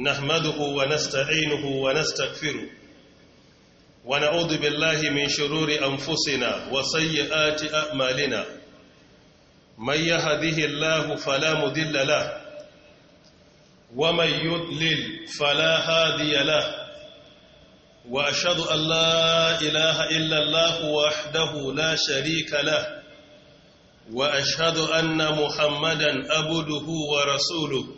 نحمده ونستعينه ونستغفره ونعوذ بالله من شرور أنفسنا وسيئات أعمالنا من يهده الله فلا مدل له ومن يضلل فلا هادي له وأشهد أن لا إله إلا الله وحده لا شريك له وأشهد أن محمدا أبده ورسوله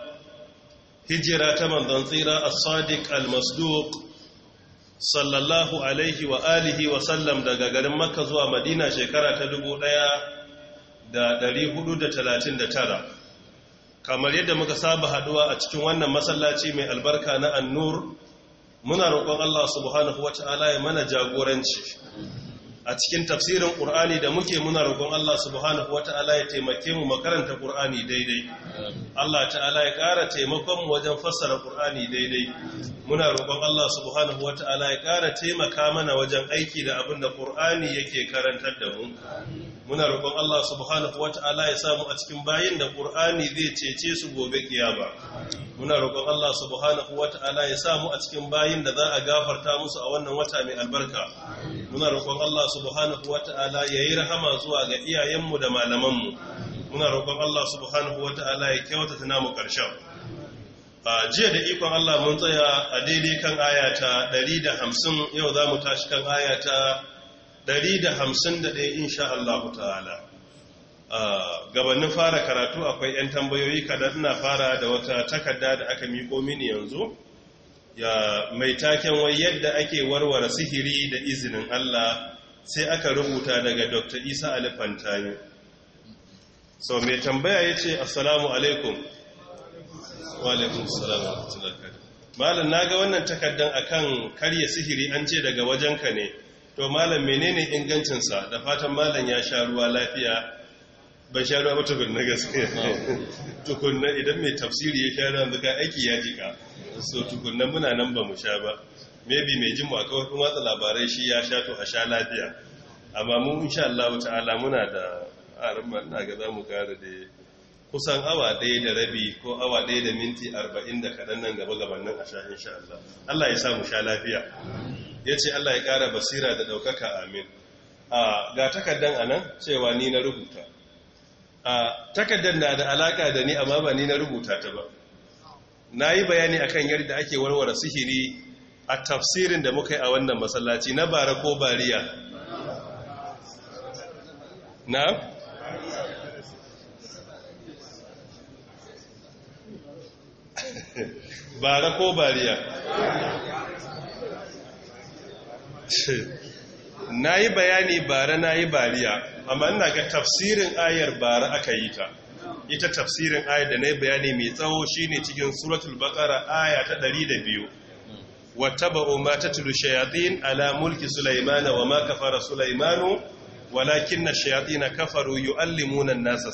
hijira ta manzon tsira a sadiq al-masduq sallallahu alaihi wa alihi wa sallam daga garin makka zuwa madina shekara ta dubu da talatin tara. kamar yadda muka saba haduwa a cikin wannan masallaci mai albarka na annur muna roƙon Allah subhanahu ta'ala ya mana jagoranci a cikin tafsirin ƙur'ani da muke muna roƙon Allah subhanahu wata'ala ya taimake mu makaranta ƙur'ani daidai Allah ta'ala ya ƙara taimakon mu wajen fassara ƙur'ani daidai muna roƙon Allah subhanahu wata'ala ya ƙara taimaka mana wajen aiki da abin da ƙur'ani yake karantar da mu muna roƙon Allah subhanahu wata'ala ya samu a cikin bayin da ƙur'ani zai cece su gobe kiyama muna roƙon Allah subhanahu wata'ala ya samu a cikin bayin da za a gafarta musu a wannan wata mai albarka muna roƙon Allah subhanahu wata'ala ya rahama zuwa ga iyayenmu da malamanmu muna roƙon Allah subhanahu wata'ala ya ta namu ƙarshen a jiya da ikon Allah mun tsaya a daidai kan ayata 150 yau za mu tashi kan ayata 151 insha Allah ta'ala gabanin fara karatu akwai 'yan tambayoyi kadan na fara da wata takarda da aka miƙo mini yanzu ya mai taken wai yadda ake warware sihiri da izinin Allah sai aka rubuta daga dr isa alifantayi sau mai tambaya ya ce assalamu alaikum walaikun salamu malam na ga wannan takaddan akan karya sihiri an ce daga wajenka ne to malam menene ingancinsa da fatan malam ya sha ruwa lafiya ban sha ruwa mata na gaske tukunna idan mai tafsiri ya sha ruwa zuka aiki ya jika so tukunna muna nan ba mu sha ba maybe mai jin a kawafin watsa labarai shi ya sha to a sha lafiya amma mun insha Allah ta'ala muna da arin manna ga zamu kare da kusan awa ɗaya da rabi ko awa ɗaya da minti arba'in da kaɗan nan gaba gaban nan a sha insha Allah Allah ya sa mu sha lafiya ya ce Allah ya ƙara basira da ɗaukaka amin ga takardar a nan cewa ni na rubuta takardar na da alaƙa da ni amma ba ni na rubuta ta ba na yi bayani akan yadda ake warware sihiri a tafsirin da muka yi a wannan masallaci na bara ko bariya na? bara ko bariya na yi bayani bara na yi bariya amma ina ga tafsirin ayar bara aka yi ta ita tafsirin ayar da na yi bayani mai tsawo shine cikin suratul bakara aya ta biyu. wattaba'u ma tatlu shayatin ala mulki Sulaimana wa ma kafara sulaiman walakin ash-shayatin kafaru yu'allimuna an-nasa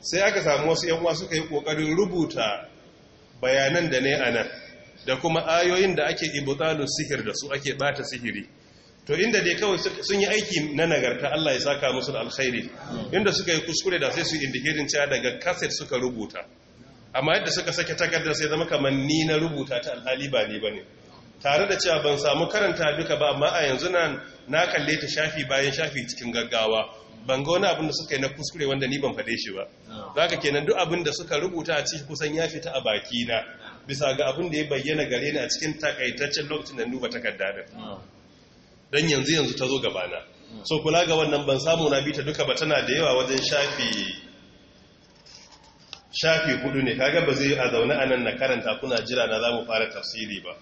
sai aka samu wasu yan uwa suka yi kokarin rubuta bayanan da ne anan da kuma ayoyin da ake ibtalu sihir da su ake bata sihiri to inda dai kawai sun yi aiki na nagarta Allah ya saka musu alkhairi inda suka yi kuskure da sai su indicating cewa daga cassette suka rubuta amma yadda suka sake takardar sai zama kamar ni na rubuta ta alhali ba ni ne tare da cewa ban samu karanta duka ba amma a yanzu na na kalle ta shafi bayan shafi cikin gaggawa ban ga wani abin da suka yi na kuskure wanda ni ban fade shi ba Za ka kenan duk abin da suka rubuta a cikin kusan ya fita a baki na bisa ga abin da ya bayyana gare ni a cikin takaitaccen lokacin da duba takarda din dan yanzu yanzu ta zo gabana so kula ga wannan ban samu na bi ta duka ba tana da yawa wajen shafi shafi hudu ne kaga ba zai a zaune a nan na karanta kuna jira na za mu fara tafsiri ba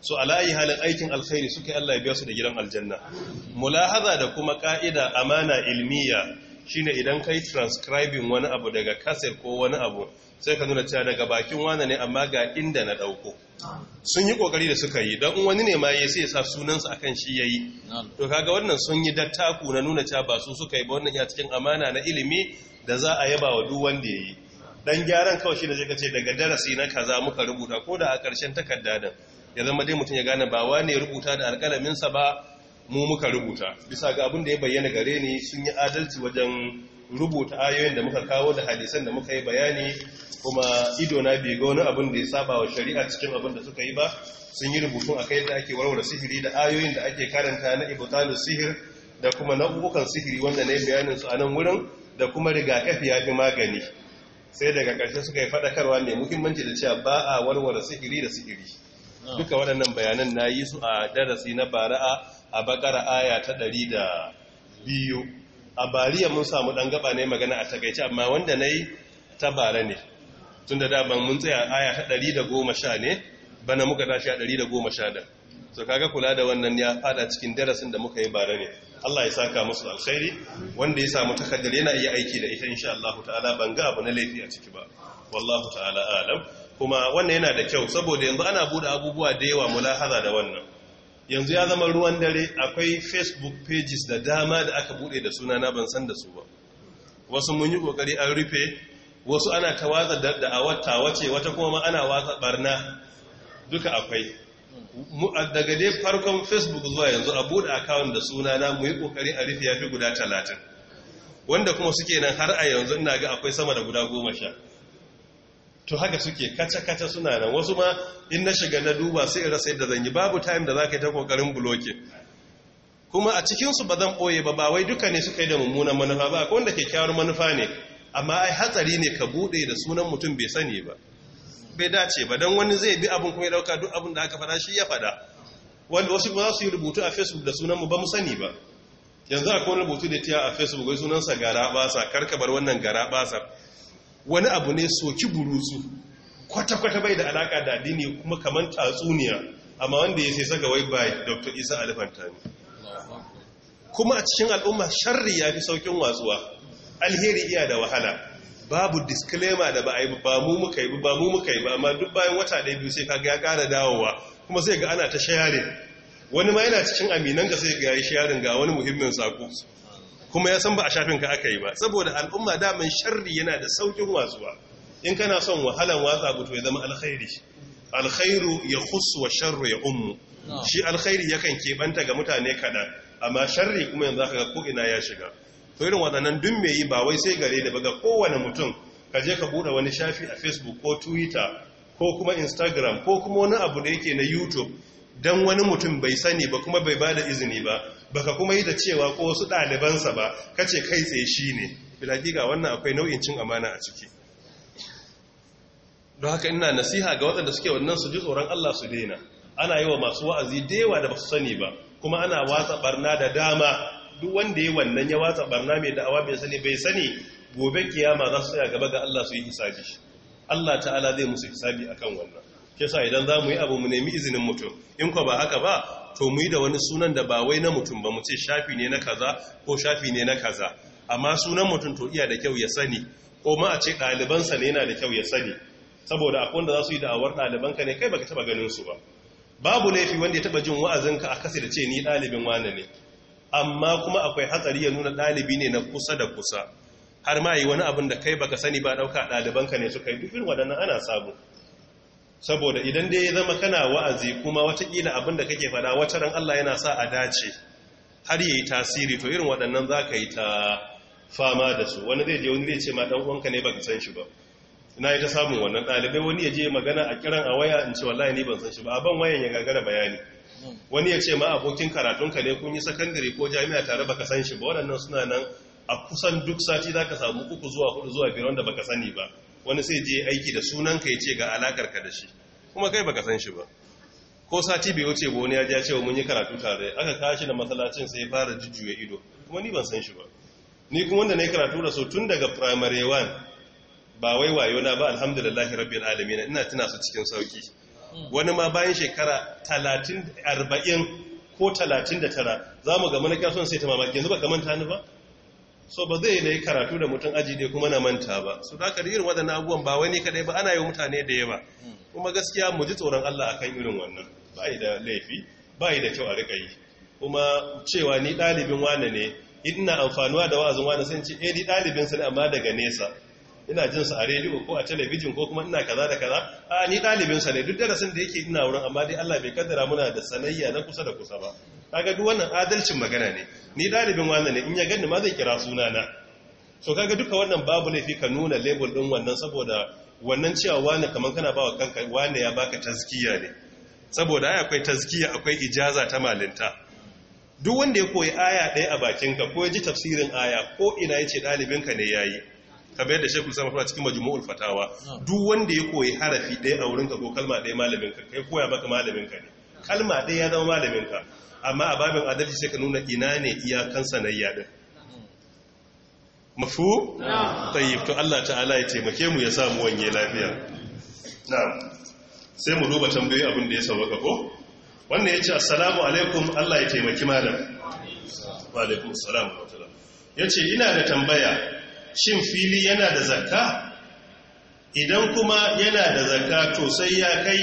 so alayi halin aikin alkhairi suka Allah ya biya su da gidan aljanna mulahaza da kuma ka'ida amana ilmiya shine idan kai transcribing wani abu daga kasir ko wani abu sai ka nuna cewa daga bakin wani ne amma ga inda na dauko sun yi kokari da suka yi dan wani ne ma yayi sai ya sa sunansa akan shi yayi to kaga wannan sun yi dattaku na nuna cewa ba su suka yi ba wannan ya cikin amana na ilimi da za a yaba wa duk wanda yayi dan gyaran kawai shi da zai kace daga darasi na kaza muka rubuta ko da a ƙarshen takarda din ya zama dai mutum ya gane ba ne rubuta da alƙalamin sa ba mu muka rubuta bisa ga abin da ya bayyana gare ni sun yi adalci wajen rubuta ayoyin da muka kawo da hadisan da muka yi bayani kuma ido na bai ga wani abin da ya saba wa shari'a cikin abin da suka yi ba sun yi rubutun akai yadda ake warware sihiri da ayoyin da ake karanta na ibtalus sihir da kuma nau'ukan sihiri wanda ne bayanin su a nan wurin da kuma rigakafi ya fi magani sai daga ƙarshe suka yi faɗakarwa ne muhimmanci da cewa ba a warware sihiri da sihiri duka waɗannan bayanan na yi su a darasi na bara'a a bakara aya ta ɗari da biyu a bariya mun samu ɗan gaba ne magana a takaice amma wanda na yi ta bara ne tun da daban mun tsaya aya ta ɗari da goma sha ne bana muka tashi a ɗari da goma sha da so kaga kula da wannan ya fada cikin darasin da muka yi bara ne Allah ya saka musu alkhairi wanda ya samu takaddar yana iya aiki da ita insha Allah ta'ala ban ga abu na laifi a ciki ba wallahu ta'ala alam kuma wannan yana da kyau saboda yanzu ana bude abubuwa da yawa mulahaza da wannan yanzu ya zama ruwan dare akwai facebook pages da dama da aka bude da suna na ban san da su ba wasu mun yi kokari an rufe wasu ana tawaza da da'awar tawace wata kuma ma ana watsa barna duka akwai daga dai farkon facebook zuwa yanzu a buɗe akawun da suna na mu yi ƙoƙari a rufe ya fi guda talatin wanda kuma suke nan har a yanzu ina ga akwai sama da guda goma sha to haka suke kaca-kaca suna nan wasu ma in na shiga na duba sai in rasa yadda zan yi babu time da za ka yi ta ƙoƙarin buloke kuma a cikinsu ba zan ɓoye ba ba wai duka ne suka yi da mummunan manufa ba akwai wanda kyakkyawar manufa ne amma ai hatsari ne ka buɗe da sunan mutum bai sani ba bai dace ba don wani zai bi abin kuma ya dauka duk abin da aka fada shi ya fada wanda wasu ba za su yi rubutu a facebook da sunanmu ba mu sani ba yanzu a kowane rubutu da tiya a facebook wai sunansa gara basa karkabar wannan gara basa wani abu ne soki burusu kwata-kwata bai da alaka da addini kuma kamar tatsuniya amma wanda ya sai saka wai bai dr isa ne kuma a cikin al'umma sharri ya fi saukin watsuwa alheri iya da wahala babu disclaimer da ba a yi ba mu muka yi ba mu muka yi ba amma duk bayan wata ɗaya biyu sai kaga ya ƙara dawowa kuma sai ga ana ta shayarin wani ma yana cikin aminan ga sai ga yi shayarin ga wani muhimmin sako kuma ya san ba a shafin ka aka yi ba saboda al'umma daman sharri yana da saukin wasuwa in kana son wahalan watsa butu ya zama alkhairi alkhairu ya khusu wa sharru ya ummu shi alkhairi yakan keɓanta ga mutane kaɗan amma sharri kuma yanzu haka ko ina ya shiga to irin waɗannan dun mai yi ba wai sai gare da ga kowane mutum ka je ka buɗe wani shafi a facebook ko twitter ko kuma instagram ko kuma wani abu da yake na youtube don wani mutum bai sani ba kuma bai ba da izini ba baka kuma yi da cewa ko wasu ɗalibansa ba ka ce kai tsaye shi ne bilagiga wannan akwai nau'in cin amana a ciki don haka ina nasiha ga waɗanda suke wannan su ji tsoron allah su daina ana yi wa masu wa'azi da yawa da ba su sani ba kuma ana watsa barna da dama duk wanda ya wannan ya watsa barna mai da'awa bai sani bai sani gobe kiyama za su tsaya gaba ga Allah su yi hisabi Allah ta'ala zai musu hisabi akan wannan ke sa idan za mu yi abu mu nemi izinin mutum in ko ba haka ba to mu yi da wani sunan da ba wai na mutum ba mu ce shafi ne na kaza ko shafi ne na kaza amma sunan mutum to iya da kyau ya sani ko ma a ce ɗalibansa ne yana da kyau ya sani saboda akwai wanda za su yi da'awar ɗalibanka ne kai baka taɓa ganin su ba babu laifi wanda ya taɓa jin wa'azinka a kasa da ce ni ɗalibin wane ne amma kuma akwai hatsari ya nuna ɗalibi ne na kusa da kusa har ma yi wani abin da kai baka sani ba ɗauka ɗalibanka ne suka yi dufin waɗannan ana sabu saboda idan dai ya zama kana wa'azi kuma watakila abin da kake faɗa wata ran Allah yana sa a dace har yi tasiri to irin waɗannan za ka yi ta fama da su wani zai je wani zai ce ma ɗan uwanka ne baka san shi ba na yi ta samun wannan ɗalibai wani ya je magana a kiran a waya in ce wallahi ni ban san shi ba a ban wayan ya gagara bayani wani ya ce ma abokin karatunka ne kun yi sakandare ko jami'a tare baka san shi ba waɗannan suna nan a kusan duk sati za ka samu uku zuwa hudu zuwa biyar wanda baka sani ba wani sai je aiki da ka ya ce ga alakar ka da shi kuma kai baka san shi ba ko sati bai wuce ba wani ya ja cewa mun yi karatu tare aka kashi da masallacin sai ya fara jujjuya ido kuma ni ban san shi ba ni kuma wanda na yi karatu da su tun daga primary one ba wai wayo na ba alhamdulillah rabbil alamin ina tuna su cikin sauki wani ma bayan shekara 40 ko 39 za mu ga mana kasuwan sai ta mamaki yanzu ba ka manta ni ba so ba zai yi karatu da mutum aji ne kuma na manta ba su da kari irin waɗannan abubuwan ba wani kadai ba ana yi mutane da yawa kuma gaskiya mu ji tsoron Allah akan irin wannan ba da laifi ba da kyau a rika yi kuma cewa ni ɗalibin wane ne ina amfanuwa da wa'azin wane sun ce eh ni ɗalibin amma daga nesa ina jin sa a rediyo ko a talabijin ko kuma ina kaza da kaza a ni dalibin sa ne duk darasin da yake ina wurin amma dai Allah bai kaddara muna da sanayya na kusa da kusa ba kaga duk wannan adalcin magana ne ni dalibin wannan ne in ya ganni ma zai kira sunana so kaga duka wannan babu laifi ka nuna label din wannan saboda wannan cewa wani kaman kana bawa kanka wani ya baka tazkiya ne saboda ai akwai tazkiya akwai ijaza ta malinta duk wanda ya koyi aya ɗaya a bakinka ko ya ji tafsirin aya ko ina ya ce ɗalibinka ne ya yi kamar yadda shekul sama fara cikin majimu'ul fatawa duk wanda ya koyi harafi ɗaya a wurinka ko kalma ɗaya malaminka. kai koya maka malaminka ne kalma ɗaya ya zama malaminka. amma a babin adalci sai ka nuna ina ne iyakan sanayya ɗin mafu tayyib to Allah ta'ala ya taimake mu ya samu wanye lafiya na sai mu duba tambayi abin da ya sauraka ko wannan ce assalamu alaikum Allah ya taimaki malam wa alaikum assalam wa rahmatullah ce ina da tambaya shin fili yana da zakka idan kuma yana da zakka to sai ya kai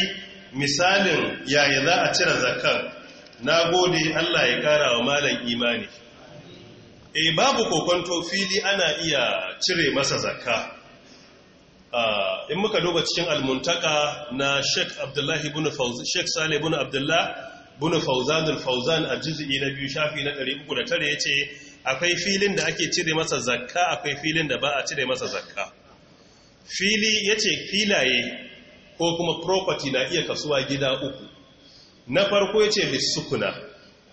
misalin yaya za a cire zakkar na gode Allah ya kara wa malam imani Eh babu kokonto fili ana iya cire masa zakka ah, in muka duba cikin almuntaka na Sheikh Abdullahi ibn Fawzan Sheikh ibn Abdullah ibn Fawzan al-Fawzan a juz'i na biyu shafi na 309 yace akwai filin da ake cire masa zakka akwai filin da ba a cire masa zakka fili ya ce filaye ko kuma property na iya kasuwa gida uku na farko ya ce bisukuna.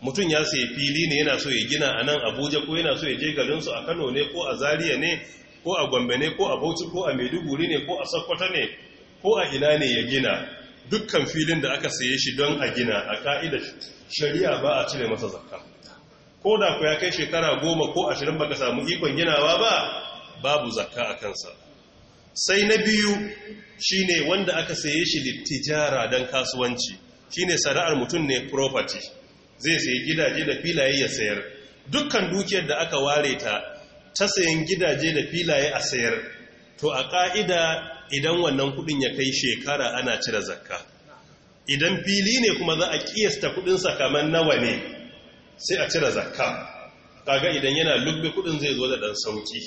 mutum ya sayi fili ne yana so ya gina a nan abuja ko yana so ya je garinsu a kano ne ko a Zariya ne ko a gombe ne ko a bauchi ko a maiduguri ne ko a sokoto ne ko a ina ne ya gina dukkan filin da aka saye shi don a gina a ka'idar shari'a ba a cire masa zakka ko da ku ya kai shekara goma ko ashirin baka samu ikon ginawa ba babu zakka a kansa sai na biyu shine wanda aka saye shi littijara don kasuwanci shine sana'ar mutum ne property zai sayi gidaje da filaye ya sayar dukkan dukiyar da aka ware ta ta sayan gidaje da filaye a sayar to a ka'ida idan wannan kudin ya kai shekara ana cire zakka idan fili ne kuma za a kiyasta kudinsa kamar nawa ne sai a cire zakka kaga idan yana lubbe kudin zai zo da dan sauki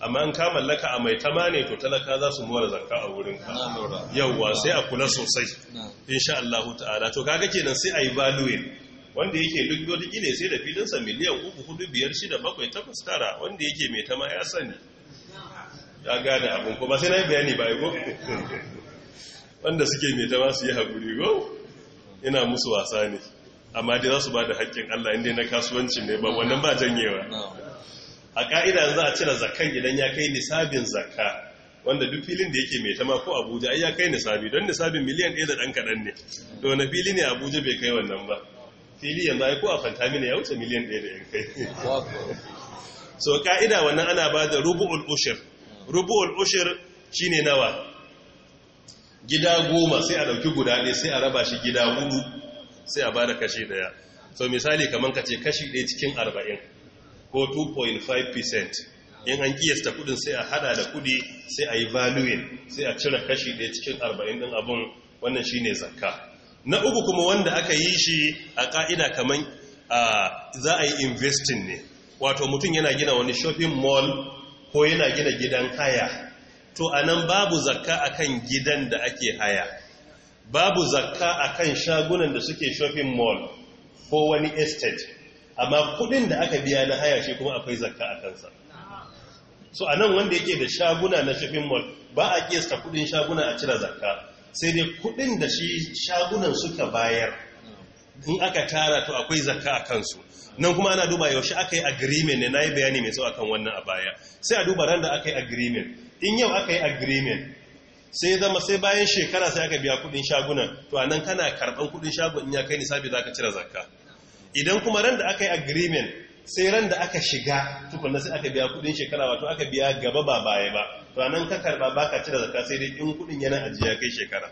amma in ka mallaka a mai tama ne to talaka za su mora zakka a wurin ka yawwa sai a kula sosai insha Allah ta'ala to kaga kenan sai ayi valuing wanda yake lubbe wata kile sai da filin sa miliyan 3 4 7 8 wanda yake mai tama ya sani ya gane abun kuma sai na bayani ba go wanda suke mai tama su yi hakuri go ina musu wasa ne amma dai za su ba da haƙƙin Allah inda na kasuwanci ne ba wannan ba janyewa a ƙa'ida za a cire zakan idan ya kai nisabin zakka wanda duk filin da yake mai tama ko abuja ai ya kai nisabi don nisabin miliyan ɗaya da ɗan kaɗan ne to wani fili ne abuja bai kai wannan ba fili yanzu ai ko a fanta mini ya wuce miliyan ɗaya da yan kai so ƙa'ida wannan ana ba da rubu'ul ushir rubu'ul ushir shine nawa gida goma sai a ɗauki guda ɗaya sai a raba shi gida hudu sai a bada kashi daya so misali kamar ka ce kashi ɗaya cikin arba'in ko 2.5% in an kiyasta kudin sai a hada da kudi sai a yi valuing sai a cire kashi ɗaya cikin arba'in din abun wannan shi ne zakka na uku kuma wanda aka yi shi a ka'ida kamar za a yi investing ne wato mutum yana gina wani shopping mall ko yana gina gidan haya to anan babu zakka akan gidan da ake haya babu zakka a kan shagunan da suke shopping mall ko wani estate amma kudin da aka biya na haya shi kuma akwai zakka a kansa so a nan wanda yake da shaguna na shopping mall ba a kiyasta kudin shaguna a cire zakka sai dai kudin da shi shagunan suka bayar in aka tara to akwai zakka a kansu nan kuma ana duba yaushe aka yi agreement ne na yi bayani mai tsawo akan wannan a baya sai a duba randa da aka yi agreement in yau aka yi agreement sai zama sai bayan shekara sai aka biya kudin shagunan to anan kana karban kudin shagon in ya kai nisabi zaka cire zakka idan kuma ran da aka yi agreement sai ran da aka shiga tukunna sai aka biya kudin shekara wato aka biya gaba ba baya ba to anan ka karba baka cire zakka sai dai in kudin yana ajiya kai shekara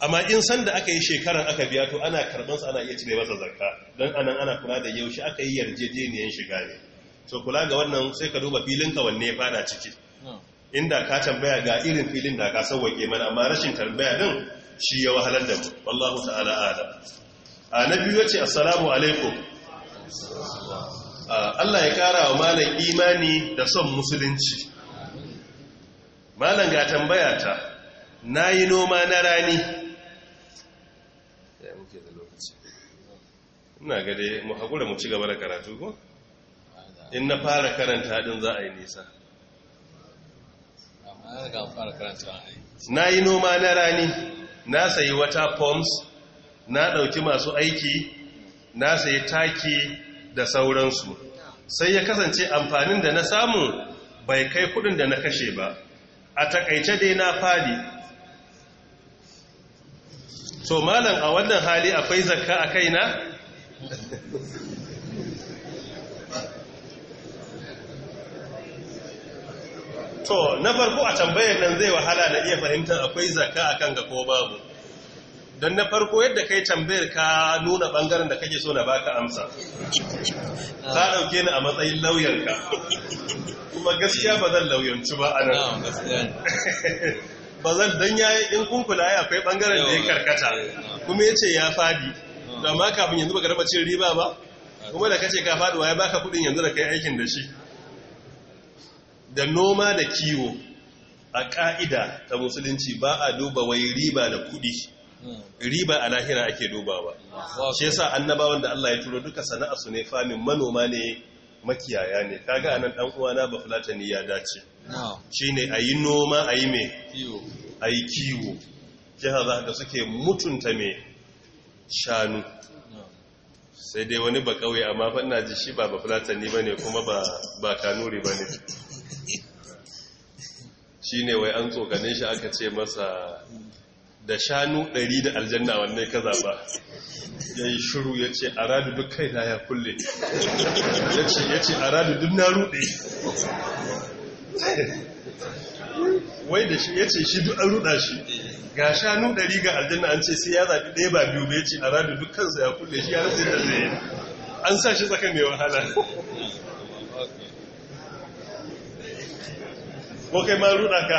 amma in san da aka yi shekaran aka biya to ana karban sa ana iya cire masa zakka dan anan ana kula da yaushe aka yi yarjejeniyan shiga ne to kula ga wannan sai ka duba filin wanne ya fada ciki hmm. inda ka tambaya ga irin filin da ka sauwake mana amma rashin tambaya din shi ya wahalar da mu wallahu ta'ala adam a na biyu yace assalamu alaikum Allah ya kara wa malam imani da son musulunci malam ga tambaya ta nayi noma na rani ya muke da lokaci ina ga dai mu hakura mu ci gaba da karatu ko in na fara karanta din za a yi nisa na yi noma na rani na sayi wata pumps na ɗauki masu aiki na sayi taki da sauransu sai ya kasance amfanin da na samu bai kai kudin da na kashe ba a takaice dai na fadi so malam a wannan hali akwai zakka a kaina to na farko a tambayar nan zai wahala na iya fahimtar akwai zaka akan ga ko babu don na farko yadda kai tambayar ka nuna bangaren da kake so na baka amsa ka dauke ni a matsayin lauyanka kuma gaskiya ba zan lauyanci ba a nan ba zan don ya in kunkula ya akwai bangaren da ya karkata eh, kuma yace ya fadi da ma kafin yanzu ba ka raba cin riba ba kuma da kace ka faduwa ya baka kudin yanzu da ka yi aikin da shi da noma da kiwo a ƙa'ida ta musulunci ba a duba wai riba da kuɗi riba a lahira ake dubawa shi yasa annabawan da Allah ya turo duka sana'a su ne famin manoma ne makiyaya ne kaga anan dan uwana ba fulatani ya dace shine ayi noma ayi me ayi kiwo jihar da suke mutunta mai shanu sai dai wani ba kauye amma fa ina ji shi ba ba fulatani bane kuma ba ba kanuri ne wai an tsokane shi aka ce masa da shanu ɗari da aljanna wanne ka zaba ya yi shuru ya ce a radu duk kai na ya kulle ya ce a radu duk na rude." wai da shi ya ce shi duk an ruɗa shi ga shanu ɗari ga aljanna an ce sai ya zaɓi ɗaya ba biyu ba ya ce a radu duk kansa ya kulle shi ya rasu da zai an sa shi tsakan mai wahala ko kai ma ruɗa ka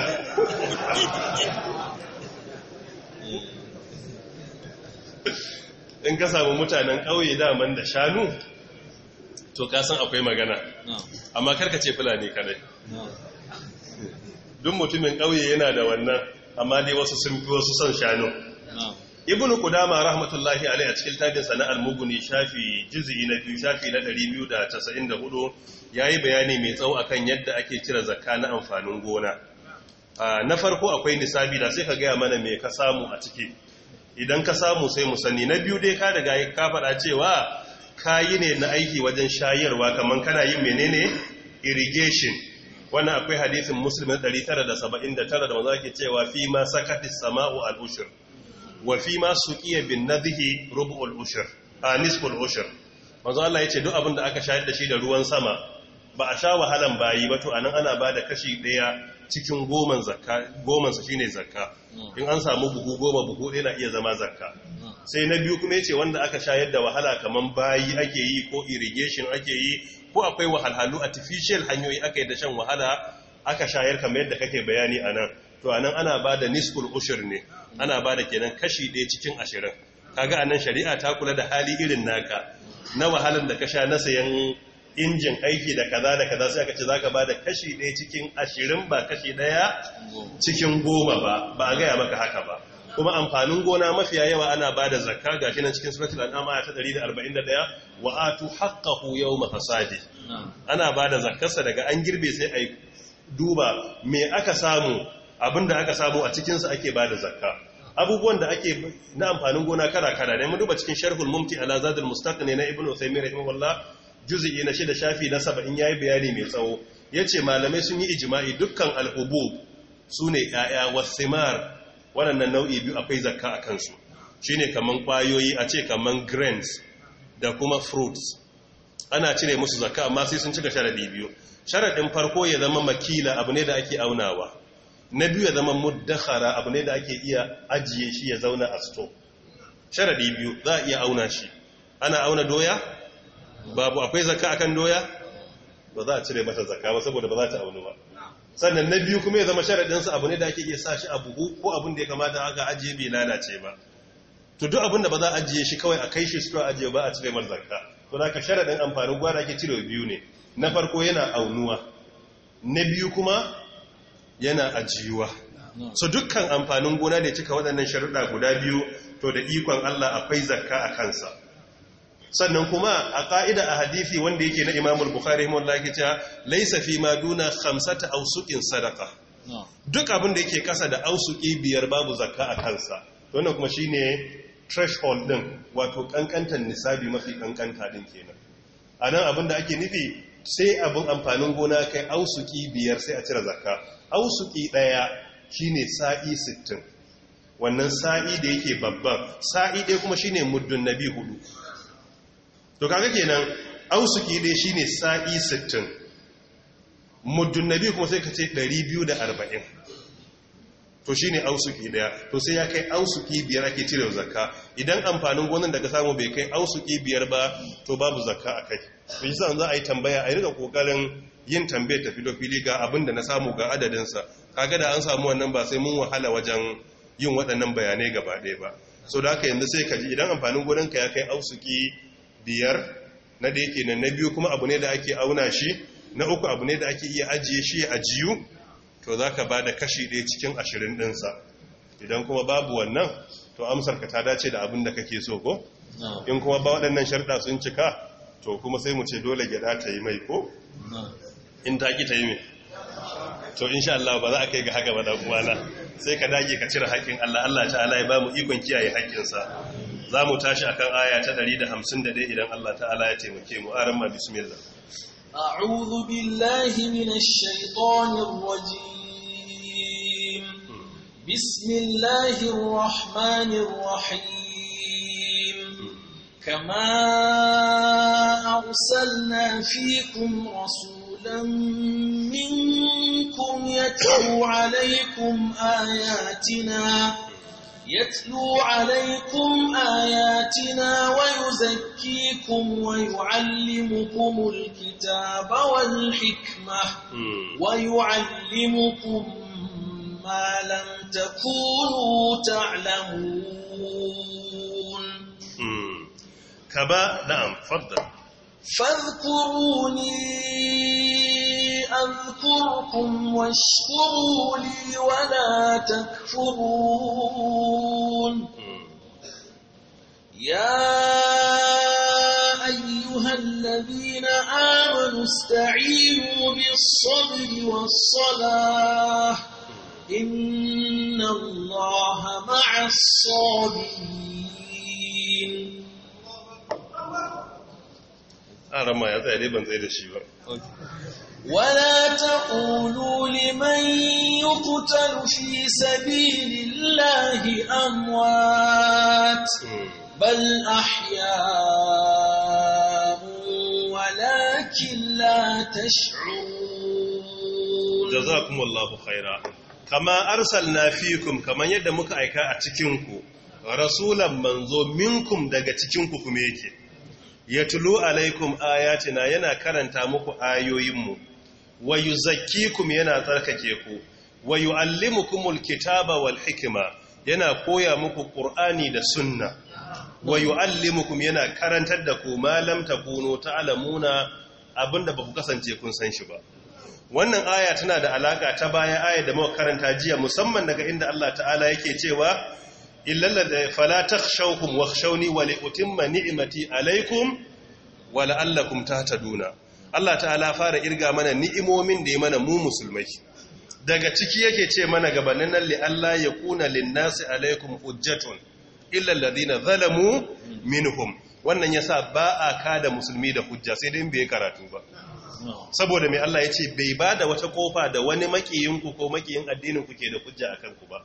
in ka samu mutanen ƙauye daman da shanu to san akwai magana amma karka ce fulani kadai duk mutumin ƙauye yana da wannan amma dai wasu sun fi wasu son shanu ibn qudama rahmatullahi alaihi a cikin tajin sana'ar muguni shafi juz'i na biyu shafi na 294 ya yi bayani mai tsawo akan yadda ake cire zakka na amfanin gona na farko akwai nisabi da sai ka gaya mana mai ka samu a ciki idan ka samu sai mu sani na biyu dai ka daga ka faɗa cewa ka yi ne na aiki wajen shayarwa kamar kana yin menene irrigation wannan akwai hadisin muslim 979 da maza ke cewa fi ma sakatis sama'u al-ushur wa fi ma suqiya bin nadhihi rubu'ul ushur Anis ushur manzo Allah ya duk abin da aka shayar da shi da ruwan sama ba a sha wahalan bayi ba to anan ana ba da kashi ɗaya cikin goman zakka gomansa shi ne zakka hmm. in an samu buhu goma buhu ɗaya na iya zama zakka hmm. sai na biyu kuma ya ce wanda aka shayar da wahala kamar bayi ake yi ko irrigation ake yi ko akwai wahalhalu artificial hanyoyi aka yi da shan wahala aka shayar kamar yadda kake bayani a nan to anan ana ba da niskul ushir ne ana ba da kenan kashi ɗaya cikin ashirin kaga anan shari'a ta kula da hali irin naka na wahalan da ka sha na sayan injin aiki da kaza da kaza sai aka ce zaka bada kashi ɗaya cikin ashirin ba kashi ɗaya cikin goma ba ba a gaya maka haka ba kuma amfanin gona mafiya yawa ana bada zakka ga shi nan cikin suratul an'am ayat 141 wa atu haqqahu yawma fasadi ana bada zakkarsa daga an girbe sai ai duba me aka samu abinda aka samu a cikin sa ake bada zakka abubuwan da ake na amfanin gona kara-kara ne mu duba cikin sharhul mumti ala zadul mustaqni na ibnu usaymin rahimahullah juzi'i na shida shafi na saba'in ya yi bayani mai tsawo ya ce malamai sun yi ijima'i dukkan al'ubu su ne ‘ya'ya wasimar waɗannan nau'i biyu akwai zakka a kansu shi ne kamar ƙwayoyi a ce kamar grains da kuma fruits ana cire musu zakka amma sai sun cika sharaɗi biyu sharaɗin farko ya zama makila abu ne da ake aunawa na biyu ya zama muddahara abu ne da ake iya ajiye shi ya zauna a sto sharaɗi biyu za a iya auna shi ana auna doya babu akwai zakka akan doya ba za a cire mata zakka ba saboda ba za ta aunu ba sannan na biyu kuma ya zama sharaɗinsa abu ne da ake iya sa shi a buhu ko abin da ya kamata aka ajiye bai lalace ba to duk abin da ba za a ajiye shi kawai a kai shi su ajiye ba a cire mar zakka to da ka sharaɗin amfanin gwara ake cire biyu ne na farko yana aunuwa na biyu kuma yana ajiyuwa so dukkan amfanin gona ne cika waɗannan sharuɗa guda biyu to da ikon Allah akwai zakka a kansa sannan kuma a ƙa'ida a hadithi wanda yake na imamul bukhari himallah ke laisa fi ma duna hamsata ausukin sadaka duk abin da yake kasa da ausuki biyar babu zakka a kansa wannan kuma shi ne threshold ɗin, wato kankantar nisabi mafi kankanta din kenan a nan abin da ake nufi sai abin amfanin gona kai ausuki biyar sai a cire zakka ausuki ɗaya ne sa'i sittin wannan sa'i da yake babban sa'i ɗaya kuma shi shine muddun biyu hudu to kaga kenan ausuki dai shine sa'i 60 muddun nabi kuma sai ka ce 240 to shine ausuki daya to sai ya kai ausuki biyar ake cire zakka idan amfanin gonan daga samu bai kai ausuki biyar ba to babu zakka kai. to yasa za a yi tambaya a riga kokarin yin tambayar ta da fili ga abinda na samu ga adadin sa kaga da an samu wannan ba sai mun wahala wajen yin waɗannan bayanai gaba ɗaya ba so da haka yanzu sai ka ji idan amfanin gonan ka ya kai ausuki biyar na da yake na biyu kuma abu ne da ake auna shi na uku abu ne da ake iya ajiye shi ya jiyu, to za ka ba da kashi ɗaya cikin ashirin ɗinsa idan kuma babu wannan to amsarka ta dace da abin da kake so ko in kuma ba waɗannan sharɗa sun cika to kuma sai mu ce dole gyaɗa ta yi mai ko in ta ki ta yi mai to insha Allah ba za a kai ga haka ba da kuma na sai ka dage ka cire haƙƙin Allah Allah ta'ala ya ba mu ikon kiyaye haƙƙinsa za mu tashi a kan aya ta 151 idan Allah ta'ala ya taimake mu aran ma bismillah a'udhu billahi minash shaitanir rajim bismillahir rahmanir rahim kama arsalna fikum rasulan minkum yatlu alaykum ayatina يتلو عليكم آياتنا ويزكيكم ويعلمكم الكتاب والحكمة ويعلمكم ما لم تكونوا تعلمون كما نعم فضل فاذكروني أذكركم واشكروا لي ولا تكفرون يا أيها الذين آمنوا استعينوا بالصبر والصلاة إن الله مع الصابرين أرى ما يتعلي بنزيل الشيبة ولا تقولوا لمن يقتل في سبيل الله أموات بل أحياء ولكن لا تشعرون جزاكم الله خيرا كما أرسلنا فيكم كما يد مكأيكا أتكنكم رسولا منذ منكم دقتكنكم كميكي يتلو عليكم آياتنا ينا كرن تاموكو آيو يمو wa yuzakkikum yana tsarkake ku wa yuallimukumul kitaba wal hikima yana koya muku ƙur'ani da sunna wa allimukum yana karantar da ku malamta ta ta alamuna abinda ba ku kasance kun san shi ba wannan aya tana da alaka ta baya aya da muka karanta jiya musamman daga inda Allah ta'ala yake cewa illal fala falatar shaukun wa la'utun ma ni'mati alaikum wa la'allakum duna Allah ta'ala fara irga mana ni'imomin da ya mana mu musulmai daga ciki yake ce mana gabanin nan li Allah ya kuna linnasi alaikum hujjatun illa alladhina zalamu minhum wannan yasa ba a kada musulmi da hujja sai dai bai karatu ba saboda mai Allah ya ce bai ba da wata kofa da wani makiyinku ko makiyin addinin ku ke da hujja a kanku ba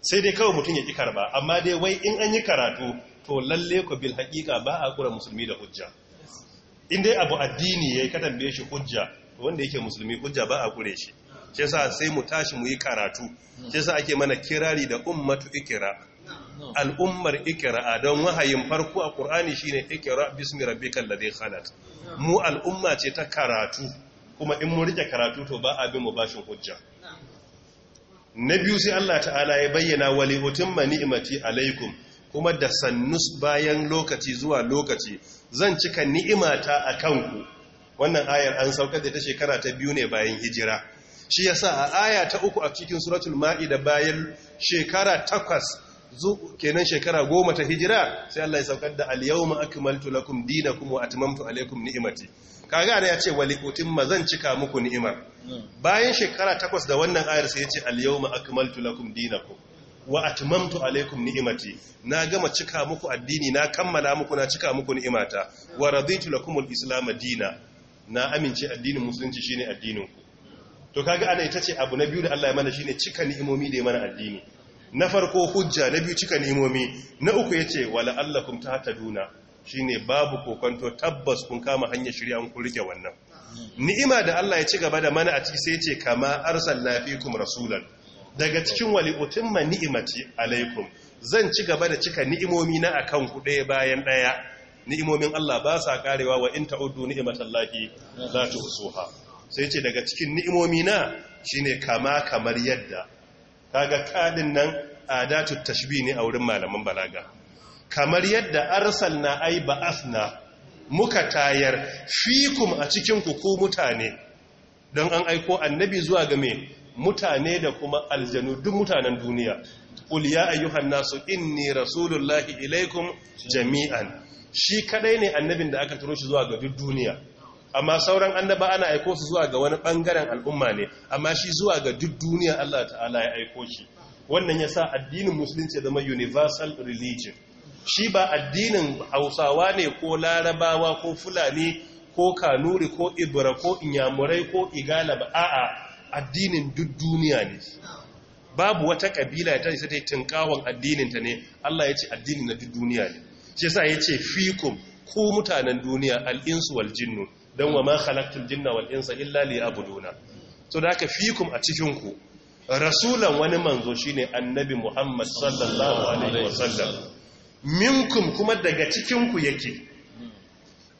sai dai kawai mutum ya ƙi karba amma dai wai in an yi karatu to lalle ku bil haƙiƙa ba a kura musulmi da hujja Inda abu addini yi ka tambaye shi hujja wanda yake musulmi hujja ba a kure shi ce sa sai mu tashi mu yi karatu ce sa ake mana kirari da ummatu ikira. al'ummar ikira, don wahayin farko a shi shine ikira bismi rabbikal ladhi khalaq mu al'umma ce ta karatu kuma in mu rike karatu to ba abin mu bashin hujja na biyu sai Allah ta'ala ya bayyana wali ma ni'mati alaikum kuma da sannus bayan lokaci zuwa lokaci zan cika ni'imata a kanku wannan ayar an saukar da ta shekara ta biyu ne bayan hijira shi yasa a aya ta uku a cikin suratul ma'ida bayan shekara takwas kenan shekara goma ta hijira sai Allah ya saukar da al-yawma akmaltu lakum dinakum wa atmamtu alaykum ni'imati kaga da yace wa ma zan cika muku ni'imar hmm. bayan shekara takwas da wannan ayar sai yace ce yawma akmaltu lakum dinakum wa atmamtu alaikum ni'imati na gama cika muku addini na kammala muku na cika muku ni'imata wa raditu lakumul islam dina na amince addinin musulunci shine addinin ku to kaga ana ita ce abu na biyu da Allah ya mana shine cika ni'imomi da ya mana addini na farko hujja na biyu cika ni'imomi na uku yace wala allakum tahtaduna shine babu kokonto tabbas kun kama hanyar shirya an kun rike wannan ni'ima da Allah ya ci gaba da mana a ciki sai yace kama arsalna fiikum rasulan daga cikin wali'utun ma ni'imati alaikum zan ci gaba da cika ni'imomi na akan ku ɗaya bayan ɗaya ni'imomin Allah ba sa ƙarewa wa in ta'uddu ta la tuhsuha sai ce daga cikin ni'imomi na shine kama kamar yadda kaga kadin nan adatu tashbi ne a wurin malaman balaga kamar yadda na ai ba'athna muka tayar fikum a cikin ku mutane don an aiko annabi zuwa game. mutane da kuma aljanu duk mutanen duniya ƙul ya ayyuhan nasu inni rasulullahi ilaikum jami'an shi kadai ne annabin da aka turo shi zuwa ga duk duniya amma sauran annaba ana aiko su zuwa ga wani bangaren al'umma ne amma shi zuwa ga duk duniya Allah ta'ala ya aiko shi wannan ya sa addinin musulunci zama universal religion shi ba addinin hausawa ne ko larabawa ko fulani ko kanuri ko ibra ko inyamurai ko igala ba a'a addinin duk duniya ne babu wata kabila ta isa ta yi addinin addininta ne Allah ya ce addinin na duk duniya ne shi yasa ya ce fikum ku mutanen duniya al'insu wal jinnu don wa ma halaktun jinna wal insa illa li duna so da aka fikum a cikinku. rasulan wani manzo shi ne annabi Muhammad sallallahu alaihi wasallam minkum kuma daga cikinku ku yake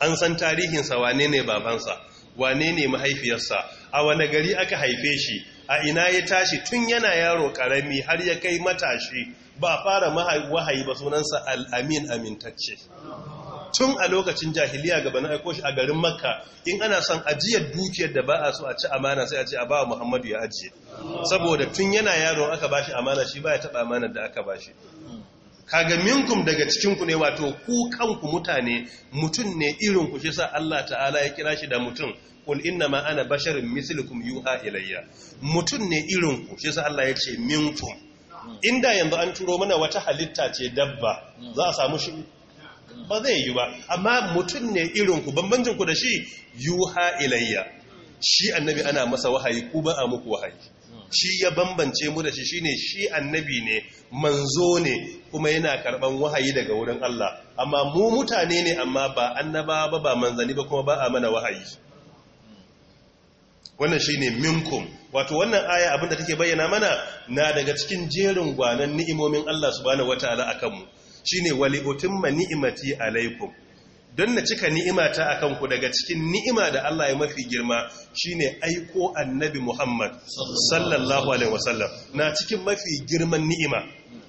an san tarihin sa wane ne babansa wane ne mahaifiyarsa a wane gari aka haife shi a ina ya tashi tun yana yaro karami har ya kai matashi ba fara wahayi ba sunansa al'amin amintacce tun a lokacin jahiliya gaba na aiko shi a garin makka in ana son ajiyar dukiyar da ba a so a ci amana sai a ce a ba muhammadu ya ajiye saboda tun yana yaro aka ba shi amana shi ba ya taɓa amanar da aka ba shi kaga minkum daga cikinku ne wato ku kanku mutane mutum ne irin ku shi sa Allah ta'ala ya kira shi da mutum qul innama ana basharun mislukum yuha ilayya mutun ne irin ku shi sa Allah ya ce minkum inda yanzu an turo mana wata halitta ce dabba za a samu shi ba zai yi ba amma mutum ne irin ku bambancin ku da shi yuha ilayya shi annabi ana masa wahayi ku ba a muku wahayi shi ya bambance mu da shi shine shi annabi ne manzo ne kuma yana karban wahayi daga wurin Allah amma mu mutane ne amma ba annaba ba ba manzani ba kuma ba a mana wahayi wannan shi ne minkum wato wannan aya abinda take bayyana mana na daga cikin jerin gwanan ni'imomin Allah subhanahu wataala akan mu shine wali utimma ni'imati alaikum don na cika ni'imata a ku daga cikin ni'ima da Allah ya mafi girma shine aiko annabi Muhammad sallallahu alaihi wasallam na cikin mafi girman ni'ima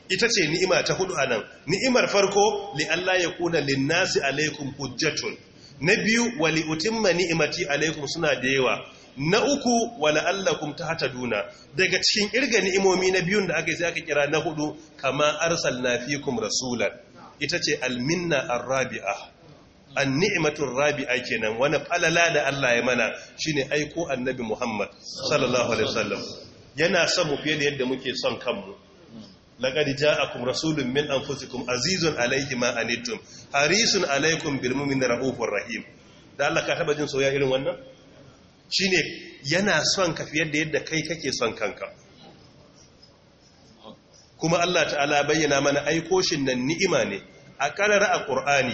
ita ce ni'ima ta hudu anan ni'imar farko li Allah ya kuna linnasi alaikum hujjatun na biyu wali utimma ni'imati alaikum suna da yawa na uku wala allakum duna. daga cikin irga ni'imomi na biyun da aka yi sai aka kira na hudu kama arsalna fiikum rasulan ita ce alminna Rabi'a. an ni'matun rabi'a kenan wani falala da Allah ya mana shine aiko annabi Muhammad sallallahu alaihi wasallam yana son mu fiye da yadda muke son kanmu laqad ja'akum rasulun min anfusikum azizun alayhi ma anittum harisun alaykum bil mu'minina raufur rahim da Allah ka taba jin soyayya irin wannan Shi ne yana son ka fiye da yadda kai kake son kanka kuma Allah ta'ala bayyana mana aikoshin nan ni'ima ne a ƙarar a ƙur'ani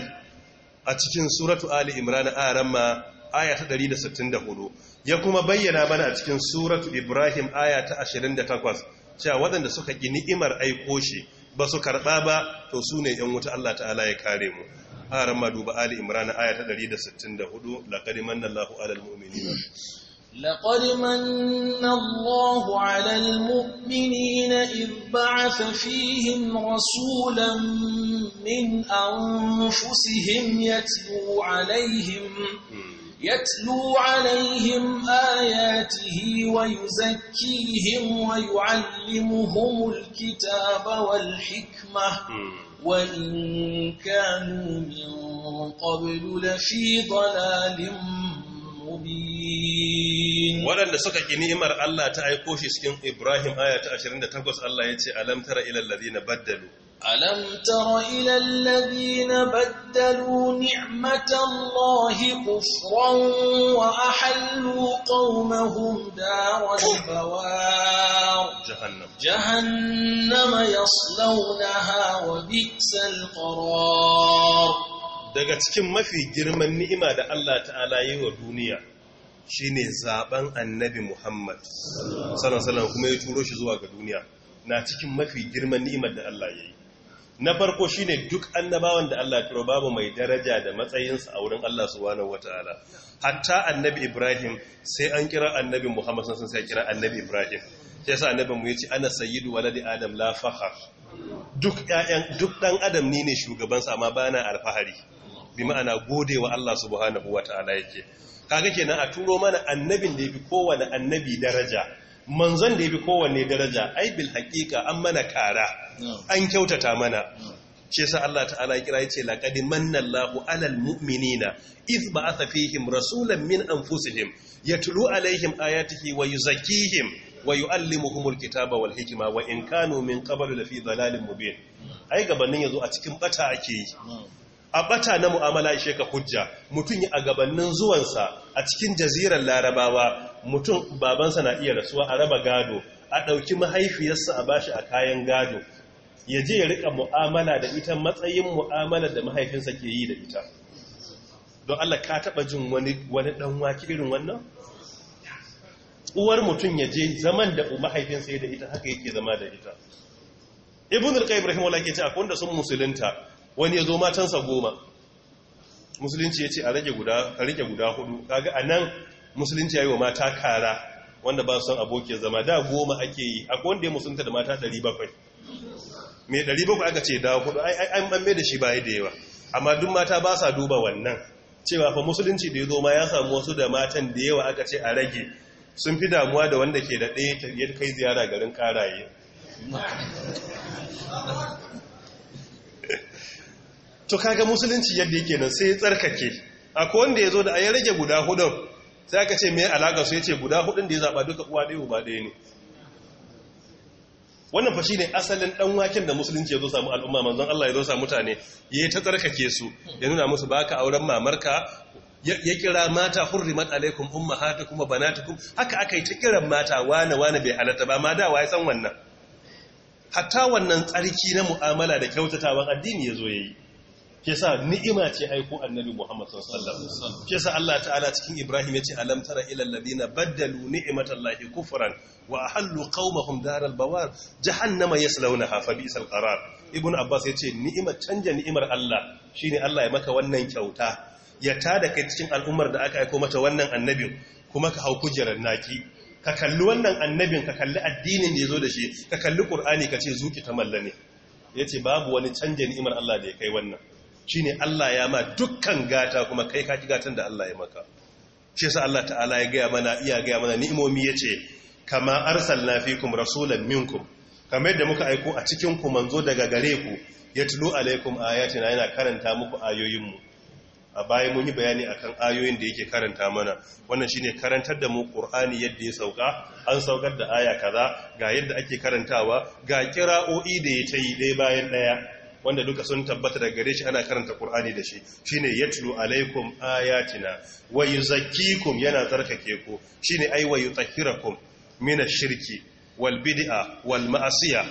a cikin suratu ali imran a ramma aya ta 164 ya kuma bayyana mana a cikin suratu ibrahim aya ta 28 cewa waɗanda suka ƙi ni'imar aikoshi ba su karɓa ba to su ne ‘yan wuta Allah ta'ala ya kare mu aran ma duba ali imran aya ta 164 laqad manna allahu alal mu'minina laqad manna allahu alal mu'minina ibba'atha fihim rasulan min anfusihim yatlu alaihim يَتْلُو عَلَيْهِمْ آيَاتِهِ وَيُزَكِّيهِمْ وَيُعَلِّمُهُمُ الْكِتَابَ وَالْحِكْمَةِ وإن كانوا من قبل لفي ضلال مبين waɗanda suka ƙi ni'imar Allah ta aiko shi cikin Ibrahim aya ta 28 Allah ya ce alam tara ilal ladina baddalu ألم تر إلى الذين بدلوا نعمة الله كفرا وأحلوا قومهم دار البوار جهنم جهنم يصلونها وبئس القرار daga cikin mafi girman ni'ima da Allah ta'ala yi wa duniya shine zaben annabi Muhammad sallallahu alaihi wasallam kuma ya turo shi zuwa ga duniya na cikin mafi girman ni'imar da Allah ya yi na farko shine duk annabawan da Allah kiro babu mai daraja da matsayinsa a wurin Allah subhanahu wataala hatta annabi Ibrahim sai an kira annabi Muhammad sun sai kira annabi Ibrahim sai sa annabi mu yace ana sayyidu waladi adam la fakhar duk ƴaƴan duk dan adam ni ne shugaban sa amma bana alfahari bi ma'ana godewa Allah subhanahu wataala yake kaga kenan a turo mana annabin da yafi kowane annabi daraja manzon da ya fi kowanne daraja ai bil haƙiƙa an mana kara. an kyautata mana ce sa Allah ta'ala kira ya ce laƙadi mannallahu alal mu'minina if ba a fihim rasulan min anfusihim ya tulu alaihim ayatihi wa yuzakkihim wa yu'allimuhumul kitaba wal hikima wa in kanu min qablu lafi dhalalin mubin ai gabanin yazo a cikin bata ake yi a bata na mu'amala ishe ka hujja mutum a gabanin zuwansa a cikin jaziran larabawa mutum babansa na iya rasuwa a raba gado a ɗauki mahaifiyarsa a bashi a kayan gado ya je ya riƙa mu'amala da ita matsayin mu'amala da mahaifinsa ke yi da ita don Allah ka taɓa jin wani wani ɗan waki irin wannan uwar mutum ya je zaman da mahaifinsa ya da ita haka yake zama da ita ibn al ibrahim wala ke ce akwai wanda sun musulunta wani ya zo matansa goma musulunci ya ce a rage guda hudu kaga a nan. musulunci yayi wa mata kara wanda ba su son abokin zama da goma ake yi akwai wanda ya musulunta da mata 700 mai 700 aka ce dawo kudu an ban da shi ba da yawa amma duk mata ba sa duba wannan cewa fa musulunci da ya zo ma ya samu wasu da matan da yawa aka ce a rage sun fi damuwa da wanda ke da ɗaya yi kai ziyara garin karaye to kaga musulunci yadda yake nan sai ya tsarkake akwai wanda ya zo da a rage guda hudun sai aka ce mai alaƙa su ya ce guda hudun da ya zaɓa duka uwa ɗaya uba ɗaya ne wannan fashi ne asalin ɗan waken da musulunci ya zo samu al'umma manzon Allah ya zo samu mutane ya yi ta tsarkake su ya nuna musu baka auren mamarka ya kira mata 'Hurri hurrimat alaikum kuma wa kuma'." haka aka yi ta kiran mata wane wane bai halatta ba ma da ya san wannan hatta wannan tsarki na mu'amala da kyautatawan addini ya zo ya yi. ke sa ni'ima ce aiko annabi Muhammad sallallahu alaihi wasallam ke sa Allah ta'ala cikin Ibrahim yace alam tara na alladhina baddalu ni'matallahi kufran wa ahallu qaumahum daral bawar jahannama yaslawnaha fa bi'sal qarar ibn Abbas yace ni'imar canja ni'imar Allah shine Allah ya maka wannan kyauta ya tada kai cikin al'ummar da aka aiko mata wannan annabin kuma ka hau kujerar naki ka kalli wannan annabin ka kalli addinin da yazo da shi ka kalli ƙur'ani ka ce zuki ta malla ne ya ce babu wani canje ni'imar Allah da ya kai wannan shine Allah ya ma dukkan gata kuma kai ka gatan da Allah ya maka shi sa Allah ta'ala ya gaya mana iya gaya mana ni'imomi ya ce kama na fi kuma rasulan minkum kama yadda muka aiko a cikin ku manzo daga gare ku ya tulo alaikum na yana karanta muku ayoyinmu a baya mun yi bayani akan ayoyin da yake karanta mana wannan shine karantar da mu Qur'ani yadda ya sauka an saukar da aya kaza ga yadda ake karantawa ga kira'o'i da ya tayi dai bayan ɗaya. wanda duka sun tabbata daga gare shi ana karanta Qur'ani da shi shine yatlu alaikum ayatina wa yuzakkikum yana tarkake ku shine ai wa yutahhirakum min ash-shirki wal bid'a wal ma'asiya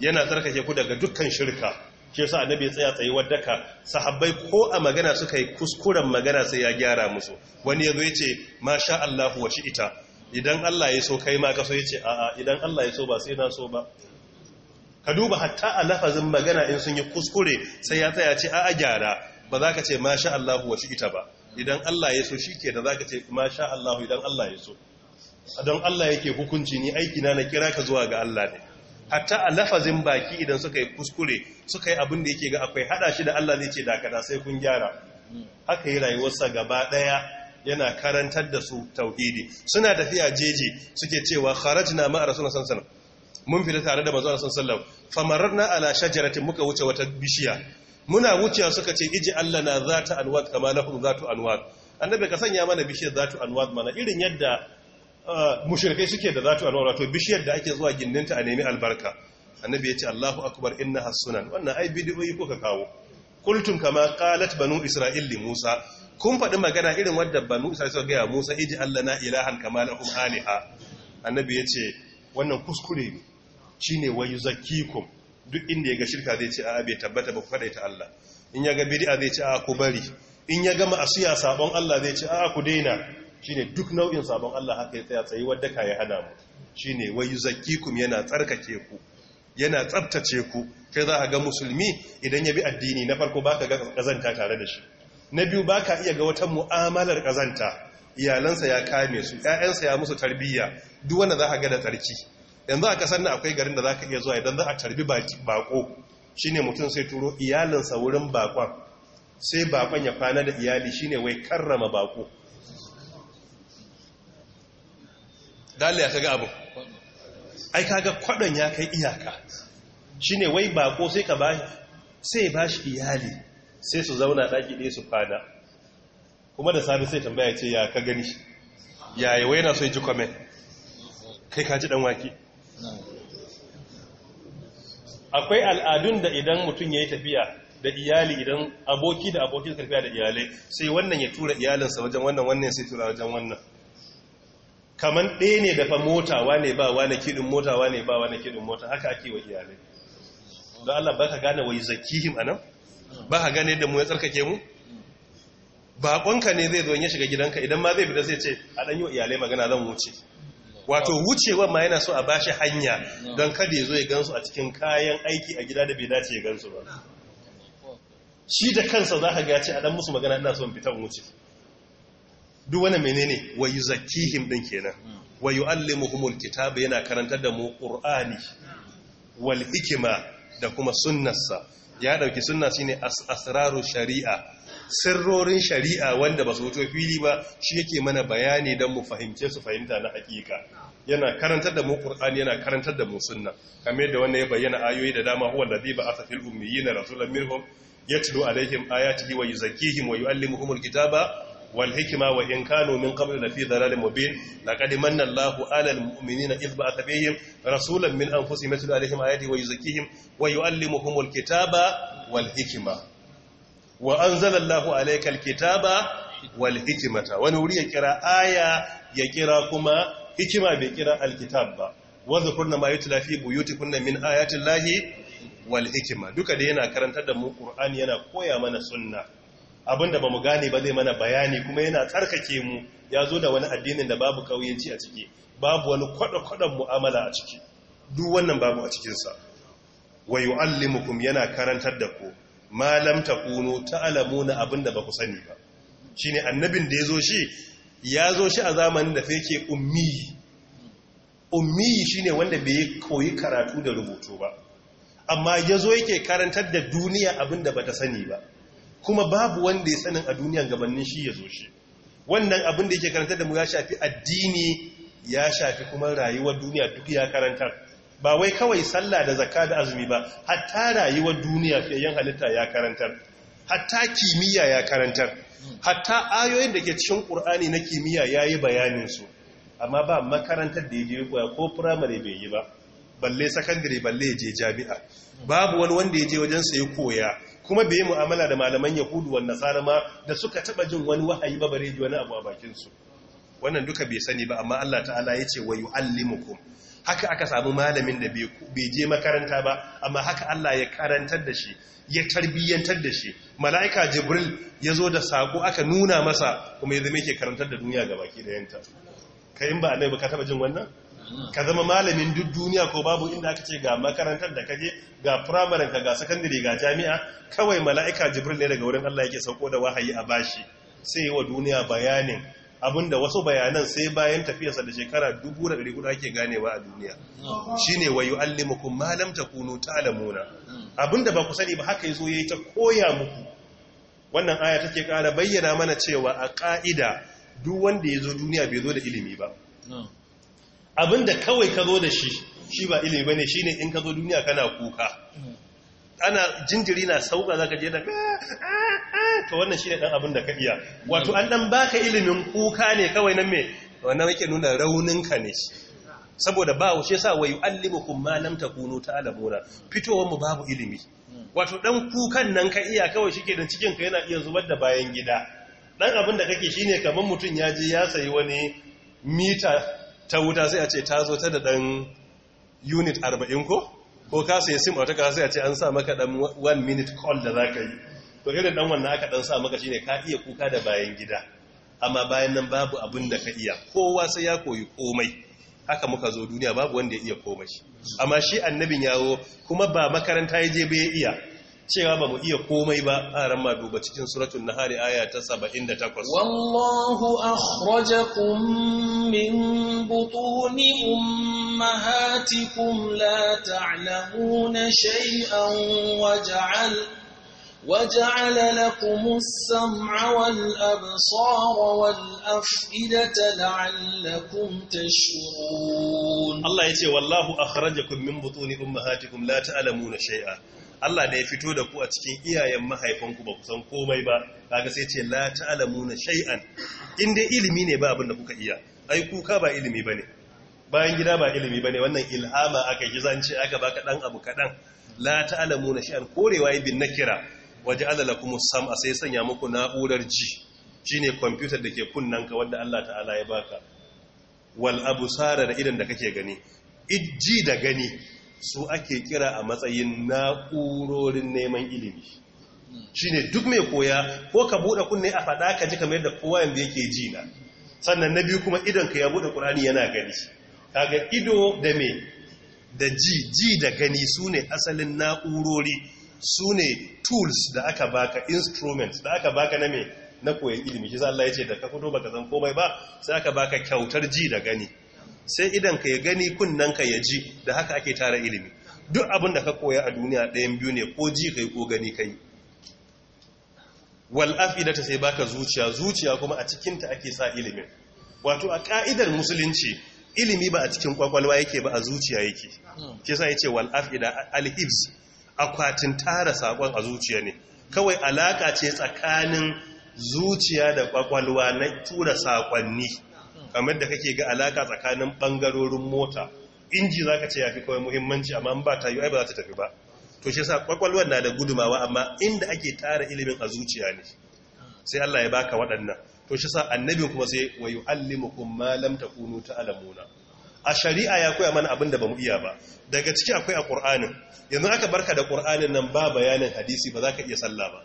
yana tarkake ku daga dukkan shirka shi yasa annabi ya tsaya tsaye wadaka sahabbai ko a magana suka yi kuskuren magana sai ya gyara musu wani yazo yace masha Allah wa ita. idan Allah ya so kai ma ka so yace a'a idan Allah ya so ba sai na so ba ka duba hatta a lafazin magana in sun yi kuskure sai ya tsaya ce a gyara ba za ka ce ma sha Allah wa ita ba idan Allah ya so shi ke da za ka ce ma sha Allah idan Allah ya so don Allah yake hukunci ni aiki na na kira ka zuwa ga Allah ne hatta a lafazin baki idan suka yi kuskure suka yi abin da yake ga akwai hada shi da Allah zai ce dakata sai kun gyara haka yi rayuwarsa gaba ɗaya yana karantar da su tauhidi suna tafiya jeji suke cewa kharajna ma'a rasulullah sallallahu alaihi wasallam mun fita tare da manzo sallallahu alaihi wasallam famararna ala shajaratin muka wuce wata bishiya muna wuce suka ce iji Allah na zata anwad kama lahum zatu anwad annabi ka sanya mana bishiyar zatu anwad mana irin yadda uh, mushrikai suke da zatu anwad wato bishiyar da ake zuwa gindinta a nemi albarka annabi ya ce Allahu akbar inna hasunan wannan ai bid'o'i ka kawo kultum kama qalat banu isra'il Musa kun faɗi magana irin wadda banu isra'il suka ga Musa iji Allah na ilahan kama lahum aliha annabi ya ce wannan kuskure ne Shi ne wayu zakikum duk inda ya ga shirka zai ce a'a bai tabbata ba ku ta Allah in ya ga biri'a zai ce a'a ku bari in ya gama suya sabon Allah zai ce a'a ku daina Shi ne duk nau'in sabon Allah haka ya tsaya tsayi wadda ka ya hana mu ne wayu zakikum yana tsarkake ku yana tsabtace ku kai za a ga musulmi idan ya bi addini na farko baka ga kazanta tare da shi na biyu baka iya ga wata mu'amalar kazanta iyalansa ya kame su ƴaƴansa ya musu tarbiyya duk wanda za a ga tsarki yanzu a kasar na akwai garin da za ka iya zuwa idan za a carbi bako shi ne mutum sai turo iyalinsa wurin bakon sai bakon ya kwana da iyali shi ne wai karrama bako dalil ya kaga abu ai kaga kwadon ya kai iyaka shi ne wai bako sai ka ba sai ba shi iyali sai su zauna daki ɗaya su fada kuma da sami sai tambaya ce ya ka gani yayi wai na so ya ji kwamen kai ka ji ɗan wake akwai al'adun da idan mutum ya yi tafiya da iyali idan aboki da aboki suka tafiya da iyalai sai wannan ya tura iyalinsa wajen wannan wannan sai tura wajen wannan kaman ɗaya ne dafa mota wane ba wane kiɗin mota wane ba wane kiɗin mota haka ake wa iyalai don Allah ba ka gane wai zakihim a nan ba ka gane da mu ya tsarkake mu baƙonka ne zai zo ya shiga gidanka idan ma zai bi da zai ce a ɗan yi wa iyalai magana zan wuce wato wucewa ma yana so a bashi hanya don kada ya zo ya gansu a cikin kayan aiki a gida da bai dace ya gansu ba shi da kansa za ka gace a dan musu magana ina son fitan wuce duk wani menene wa him din kenan wa yuallimuhumul kitaba yana karantar da mu ƙur'ani wal hikima da kuma sunnarsa ya dauki sunna shine asraru shari'a sirrorin shari'a wanda ba su wuce fili ba shi yake mana bayani don mu fahimce su fahimta na hakika yana karantar da mu qur'ani yana karantar da mu sunna kamar yadda wannan ya bayyana ayoyi da dama huwa allazi ba'atha fil ummiyina rasulan minhum yatlu alaihim ayatihi wa yuzakkihim wa yuallimuhumul kitaba wal hikma wa in kanu min qabl la fi dhalalin mubin laqad manna Allahu 'alal mu'minina idh ba'atha bihim rasulan min anfusihim yatlu alaihim ayatihi wa yuzakkihim wa yuallimuhumul kitaba wal hikma wa Allahu alaikal kitaba wal hikimata wani wuri ya kira aya ya kira kuma hikima bai kira alkitab ba wanda kunna ma tilafi buyuti kunna min ayatin lahi wal hikima duka da yana karantar da mu qur'ani yana koya mana sunna abinda mu gane ba zai mana bayani kuma yana tsarkake mu ya zo da wani addinin da babu kauyanci a ciki babu wani kwada-kwadan mu'amala a ciki duk wannan babu a cikinsa wa yu'allimukum yana karantar da ku ma lam takunu abin abinda ba ku sani ba Shi ne annabin da ya zo shi Ya zo shi a zamanin da fake ummi ummi ne wanda bai koyi karatu da rubutu ba amma ya yazo yake karantar da duniya abinda bata sani ba kuma babu wanda ya sanin a duniyan gabanin shi ya zo shi wannan abin da yake karantar da mu ya shafi addini ya shafi kuma rayuwar duniya duk ya karantar ba wai kawai sallah da zakka da azumi ba hatta rayuwar duniya fiyayyen halitta ya karantar hatta kimiyya ya karantar hatta ayoyin da ke cikin ƙur'ani na kimiyya yayi bayanin su amma ba makarantar da ya je koya ko firamare bai yi ba balle sakandare balle ya je jami'a babu wani wanda ya je wajen ya koya kuma bai yi mu'amala da malaman yahudu wa nasara ma da suka taba jin wani wahayi ba bare ji wani abu a bakin su wannan duka bai sani ba amma allah ta'ala ya ce wa yu'allimukum haka aka samu malamin da bai je makaranta ba amma haka Allah ya karantar da shi ya tarbiyyantar da shi mala'ika jibril ya zo da sako aka nuna masa kuma ya zama yake karantar da duniya ga baki da yanta ka ba annabi ka taba jin wannan ka zama malamin duk duniya ko babu inda aka ce ga makarantar da kaje ga primary ka ga sakandare, ga jami'a kawai mala'ika jibril ne daga wurin Allah yake sauko da wahayi a bashi sai yi wa duniya bayanin abinda wasu bayanan sai bayan tafiyarsa da shekara 1400 ake ganewa a duniya shine wa yu'allimukum ma lam takunu ta'lamuna abinda ba ku sani ba haka yazo yi ta koya muku wannan aya take kara bayyana mana cewa a ƙa'ida duk wanda yazo duniya bai zo da ilimi ba abinda kawai ka zo da shi shi ba ilimi ba bane shine in ka zo duniya kana kuka ana jinjiri na sauka ka je da ah, ah, ah. to wannan shi ne ɗan abin da ka iya wato an dan baka ilimin kuka ne kawai nan me wannan yake nuna rauninka ne saboda ba wuce sa wayu malam ta kuno ta ta'lamuna fitowar mu babu ilimi wato ɗan kukan nan ka iya kawai ke da cikin ka yana iya zubar da bayan gida Ɗan abin da kake shi ne kamar mutum ya je ya sayi wani mita ta wuta sai a ce ta zo ta da ɗan unit arba'in ko ko ka sai sim a wata kasa ce an sa maka dan one minute call da za ka yi to irin dan wannan aka dan sa maka ne ka iya kuka da bayan gida amma bayan nan babu abin da ka iya kowa sai ya koyi komai haka muka zo duniya babu wanda ya iya komai amma shi annabin yawo kuma ba makaranta ya je bai iya cewa ba mu iya komai ba a ran ma duba cikin suratun nahari aya ta takwas. wallahu kun min butuni ummahatikum la ta'lamuna shay'an wa ja'al wa ja'ala lakum as-sam'a wal absara wal af'idata ta tashkurun Allah yace wallahu akhrajakum min butuni ummahatikum la ta'lamuna shai'a Allah da ya fito da ku a cikin iyayen mahaifanku ba kusan komai ba kaga sai ce la ta'lamuna shay'an in dai ilimi ne ba abin da kuka iya ai kuka ba ilimi bane bayan gida ba ilimi bane wannan ilhama aka yi zance aka baka dan abu kadan la ta'lamuna shai'an. korewa ibn nakira waje lakum sam'a sai sanya muku na'urar ji shine computer da ke kunnanka wanda Allah ta'ala ya baka wal absara da idan da kake gani ijji da gani su ake kira a matsayin na'urorin neman ilimi shine duk mai koya ko ka bude kunne a fada ka ji kamar da kowa yanzu yake ji na sannan na biyu kuma idan ka ya bude qur'ani yana gani kaga ido da me da ji ji da gani sune asalin na'urori sune tools da aka baka instruments da aka baka na me na koyan ilimi shi Allah ya ce da ka fito baka san komai ba sai aka baka kyautar ji da gani sai idan ka ya gani kunnen ka ya ji da haka ake tara ilimi duk abin da ka koya a duniya ɗayan biyu ne ko ji kai ko gani kai da ta sai baka zuciya zuciya kuma a cikinta ake sa ilimin wato a ka'idar musulunci ilimi ba a cikin kwakwalwa yake ba a zuciya yake ke sa yace wal afida al hibs akwatin tara sakon a zuciya ne kawai alaka ce tsakanin zuciya da kwakwalwa na tura sakonni kamar da kake ga alaka tsakanin bangarorin mota inji za zaka ce fi kawai muhimmanci amma ba ta yi ba za ta tafi ba to shi sa kwakwalwar na da gudumawa amma inda ake tara ilimin a zuciya ne sai Allah ya baka waɗannan to shi sa annabin kuma sai wa yu'allimukum ma lam takunu ta'lamuna a shari'a ya koya mana abin da ba mu iya ba daga ciki akwai a ƙur'anin yanzu aka barka da ƙur'anin nan ba bayanin hadisi ba za ka iya sallah ba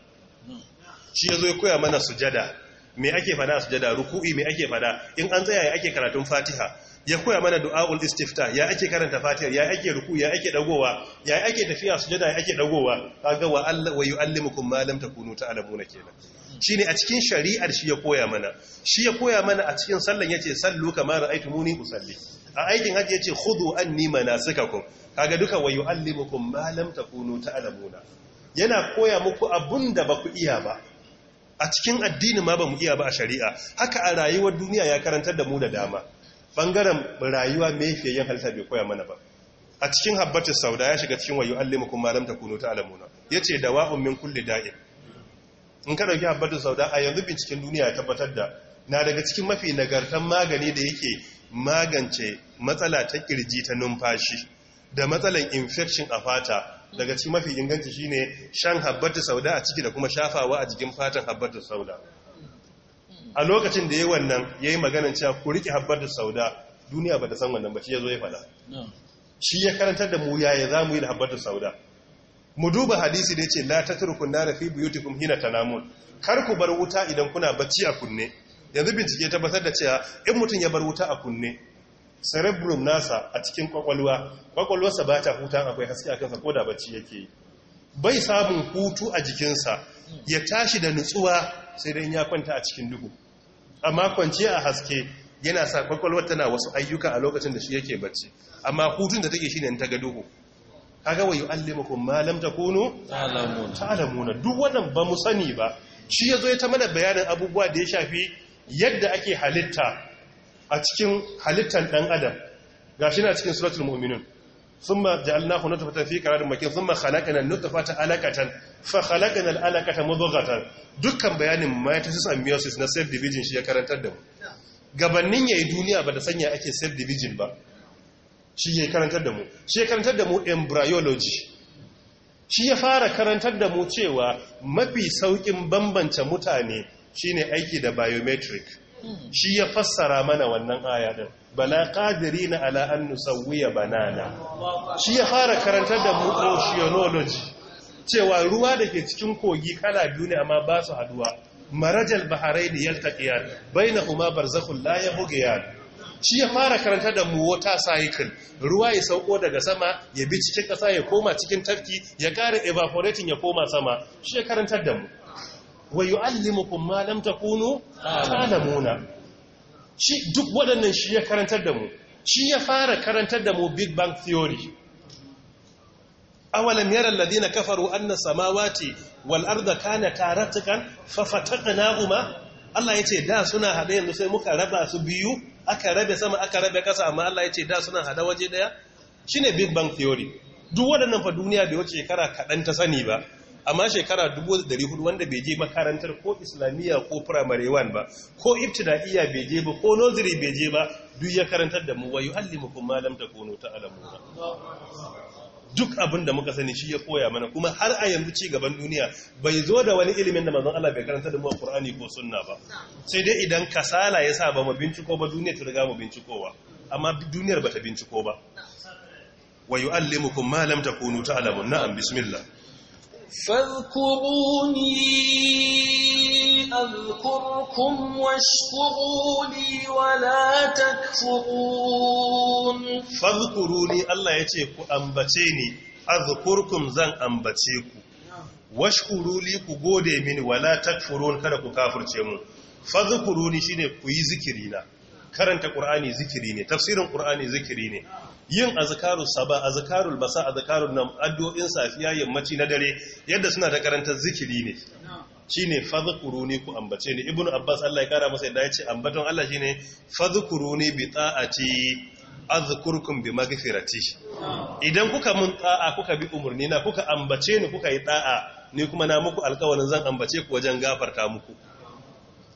shi ya zo ya koya mana sujada me ake fada a sujada ruku'i me ake fada in an tsaya ya ake karatun fatiha ya koya mana du'a'ul istifta ya ake karanta fatiha ya ake ruku'i ya ake dagowa ya ake tafiya sujada ya ake dagowa kaga wa Allah wa yu'allimukum ma lam takunu ta'lamuna kenan shine a cikin shari'ar shi ya koya mana shi ya koya mana a cikin sallan yace sallu kama ra'aytumuni usalli a aikin hajji yace khudu anni manasikakum kaga duka wa yu'allimukum ma lam takunu ta'lamuna yana koya muku abunda ba ku iya ba a cikin addini ma ba mu iya ba a shari'a haka a rayuwar duniya ya karantar da mu da dama bangaren rayuwa mai fiye yin halitta bai koya mana ba a cikin habbatus sauda ya shiga cikin wayu allima kuma kunu ya ce da dawa'un min kulli da'in in ka ɗauki habbatus sauda a yanzu binciken duniya ya tabbatar da na daga cikin mafi nagartan magani da yake magance matsala ta kirji ta numfashi da matsalan infection a fata daga cikin mafi inganci shine shan habbatu sauda a ciki da kuma shafawa a jikin fatan habbatu sauda a lokacin da yayi wannan yayi magana cewa ku rike habbatu sauda duniya ba ta san wannan ba shi yazo ya fada shi ya karantar da mu yaya mu yi da habbatu sauda mu duba hadisi da yace la tatrukun nar fi buyutikum hina tanamun kar ku bar wuta idan kuna bacci a kunne yanzu bincike tabbatar da cewa in mutum ya bar wuta a kunne cerebrum nasa a cikin kwakwalwa kwakwalwarsa ba ta huta akwai haske a kansa ko da bacci yake yi bai samun hutu a jikinsa ya tashi da nutsuwa sai dai ya kwanta a cikin duhu amma kwanciya a haske yana sa kwakwalwar tana wasu ayyuka a lokacin da shi yake bacci amma hutun da take shine ta ga duhu kaga wayu allimukum ma lam takunu ta'lamuna duk wannan ba mu sani ba shi yazo ya ta mana bayanin abubuwa da ya shafi yadda ake halitta a cikin halittar ɗan adam ga shi na cikin suratul da thumma ja'alnahu nutfatan fi karar makin thumma khalaqana an-nutfata alakatan fa halakana al mazogatan dukkan bayanin mitosis and meiosis na self division shi ya karantar da mu Gabanin ya yi duniya ba da sanya ake self division ba shi ya karantar da mu shi ya karantar da mu embryology shi ya fara karantar da mu cewa mafi saukin bambance mutane shine aiki da biometric shi ya fassara mana wannan aya din bala qadirina ala an nusawwiya banana shi ya fara karantar da mu oceanology cewa ruwa da ke cikin kogi kala biyu ne amma ba su haduwa marajal baharain yaltaqiyan bainahuma barzakhun la yabghiyan shi ya fara karantar da mu water cycle ruwa ya sauko daga sama ya bi cikin ƙasa ya koma cikin tafki ya ƙara evaporating ya koma sama shi ya karantar da mu wa kun ma lam takunu ta'lamuna shi duk waɗannan shi ya karantar da mu shi ya fara karantar da mu big bang theory awalam yara alladhina kafaru anna samawati wal arda kana taratukan fa fataqnahuma Allah yace da suna hada yanzu sai muka raba su biyu aka rabe sama aka rabe kasa amma Allah yace da suna hada waje daya shine big bang theory duk waɗannan fa duniya bai wuce shekara kaɗan ta sani ba amma shekara 1400 wanda bai je makarantar ko islamiyya ko primary one ba ko ibtida'iyya bai je ba ko nursery bai je ba duk ya karantar da mu wa yuallimukum ma lam takunu ta'lamuna duk abin da muka sani shi ya koya mana kuma har a yanzu ci gaban duniya bai zo da wani ilimin da manzon Allah bai karanta da mu a Qur'ani ko sunna ba sai dai idan kasala ya sa ba mu binciko ba duniya ta riga mu bincikowa amma duniyar bata binciko ba wa yuallimukum ma lam takunu ta'lamun na'am bismillah فاذكروني أذكركم واشكروا لي ولا تكفرون فاذكروني الله يتيك أنبتيني أذكركم زن أنبتيكم washkuru li ku gode mini wala takfurun kada ku kafurce mu fadhkuruni shine ku yi zikiri na karanta qur'ani zikiri ne tafsirin qur'ani zikiri ne yin azkarus saba azkarul masa azkarun nam addu'o'in safiya yammaci na dare yadda suna da karantar zikiri ne shine fadhkuruni ku ambace ni ibnu abbas Allah ya kara masa yadda yace ambaton Allah shine fadhkuruni bi ta'ati azkurkum bi maghfirati idan kuka mun ta'a kuka bi umurni na kuka ambace ni kuka yi ta'a ni kuma na muku alƙawarin zan ambace ku wajen gafarta muku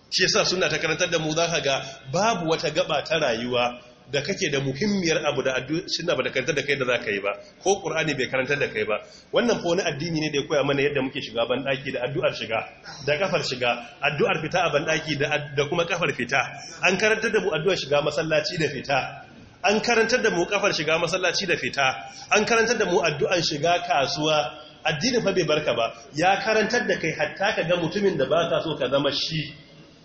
shi yasa suna ta karantar da mu za ka ga babu wata gaba ta rayuwa da kake da muhimmiyar abu da suna ba da karanta da kai da za yi ba ko ƙur'ani bai karanta da kai ba wannan fa wani addini ne da ya koya mana yadda muke shiga banɗaki da addu'ar shiga da kafar shiga addu'ar fita a banɗaki da kuma kafar fita an karanta da mu addu'ar shiga masallaci da fita an karantar da mu kafar shiga masallaci da fita an karantar da mu addu'an shiga kasuwa addini fa bai barka ba ya karantar da kai hatta ka ga mutumin da ba ka so ka zama shi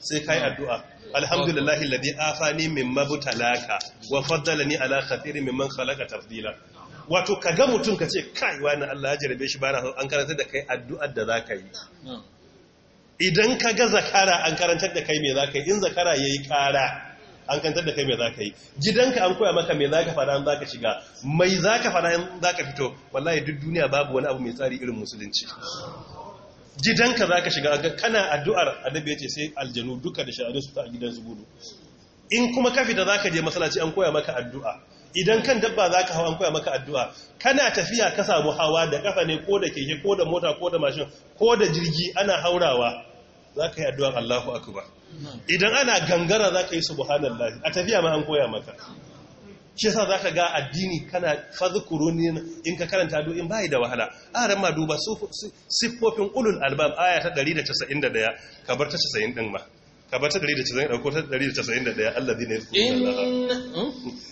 sai kai addu'a alhamdulillahi alladhi afani min butalaka wa faddalani ala min mimman khalaqa tafdila wato kaga mutum kace kai wani Allah ya jarabe shi bana an karanta da kai addu'ar da zaka yi idan kaga zakara an karantar da kai me zaka yi in zakara yayi kara an karanta da kai mai zaka yi gidanka an koya maka mai zaka fara an zaka shiga mai zaka fara an zaka fito wallahi duk duniya babu wani abu mai tsari irin musulunci gidanka za ka shiga kana addu'ar annabi ya ce sai aljanu duka da sha'anin su ta gidan su gudu in kuma ka fita za ka je masalaci an koya maka addu'a idan kan dabba za ka hawa an koya maka addu'a kana tafiya ka samu hawa da kafa ne ko da keke ko da mota ko da mashin ko da jirgi ana haurawa za ka yi addu'ar allahu akbar idan ana gangara za ka yi subhanallah a tafiya ma an koya maka shi yasa ka ga addini kana ne in ka karanta do in bayi da wahala aran ma duba siffofin ulul albab aya ta 191 kabar ta 90 din ma kabar ta 191 dauko ta 191 alladhina yadhkuruna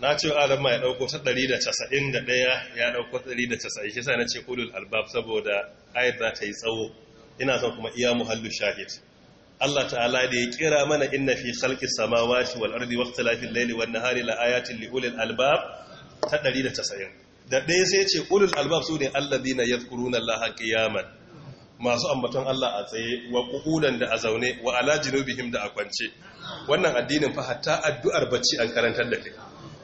na ce adam ya dauko ta 191 ya dauko ta 190 shi sai na ce kulul albab saboda ayat za ta yi tsawo ina son kuma iya muhallu shahid Allah ta'ala da ya kira mana inna fi khalqi samawati wal ardi waqtilafil layli wan nahari la ayatin li ulil albab ta 190 da ɗaya sai ce ulul albab su ne alladhina yadhkuruna Allah qiyaman masu ambaton Allah a tsaye wa qu'udan da a zaune wa ala jinubihim da a kwance wannan addinin fa hatta addu'ar bacci an karantar da kai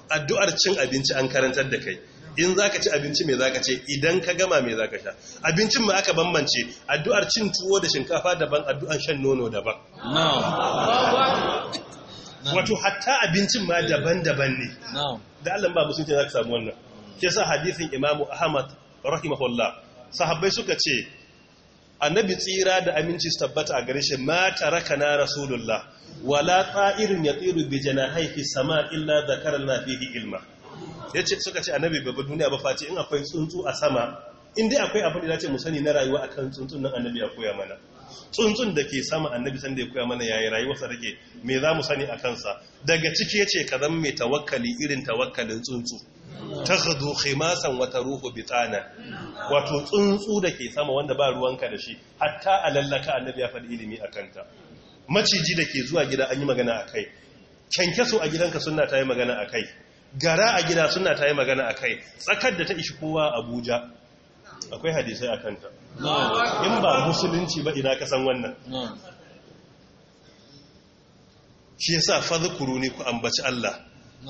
addu'ar cin abinci an karantar da kai in za ka ci abinci mai za ka ce idan ka gama mai za ka sha abincin ma aka bambance addu'ar cin tuwo da shinkafa daban addu'ar shan nono daban wato hatta abincin ma daban-daban ne da allon ba musulci za ka samu wannan ke sa hadithin imamu ahmad rahimahullah sahabbai suka ce annabi tsira da aminci su tabbata a gare shi ma tara na rasulullah wala ta'irin tsiru bi haifi sama illa fi fi ilma Ya ce suka ce annabi babu duniya ba face in akwai tsuntsu a sama in dai akwai abin da ce mu sani na rayuwa akan tsuntsun nan annabi ya koya mana tsuntsun da ke sama annabi sanda ya koya mana yayi rayuwarsa take me za mu sani a kansa daga ciki yace ka zan mai tawakkali irin tawakkalin tsuntsu Ta takhdu khimasan wata taruhu bitana wato tsuntsu da ke sama wanda ba ruwanka da shi hatta alallaka annabi ya faɗi ilimi akanta maciji da ke zuwa gida an yi magana a kai kyankyaso a gidanka suna ta yi magana a kai gara a gida suna ta yi magana a kai tsakar da ta ishi kowa abuja akwai hadisai a kanta in ba musulunci ba ina kasan wannan shi fa zukuru ni ku ambaci Allah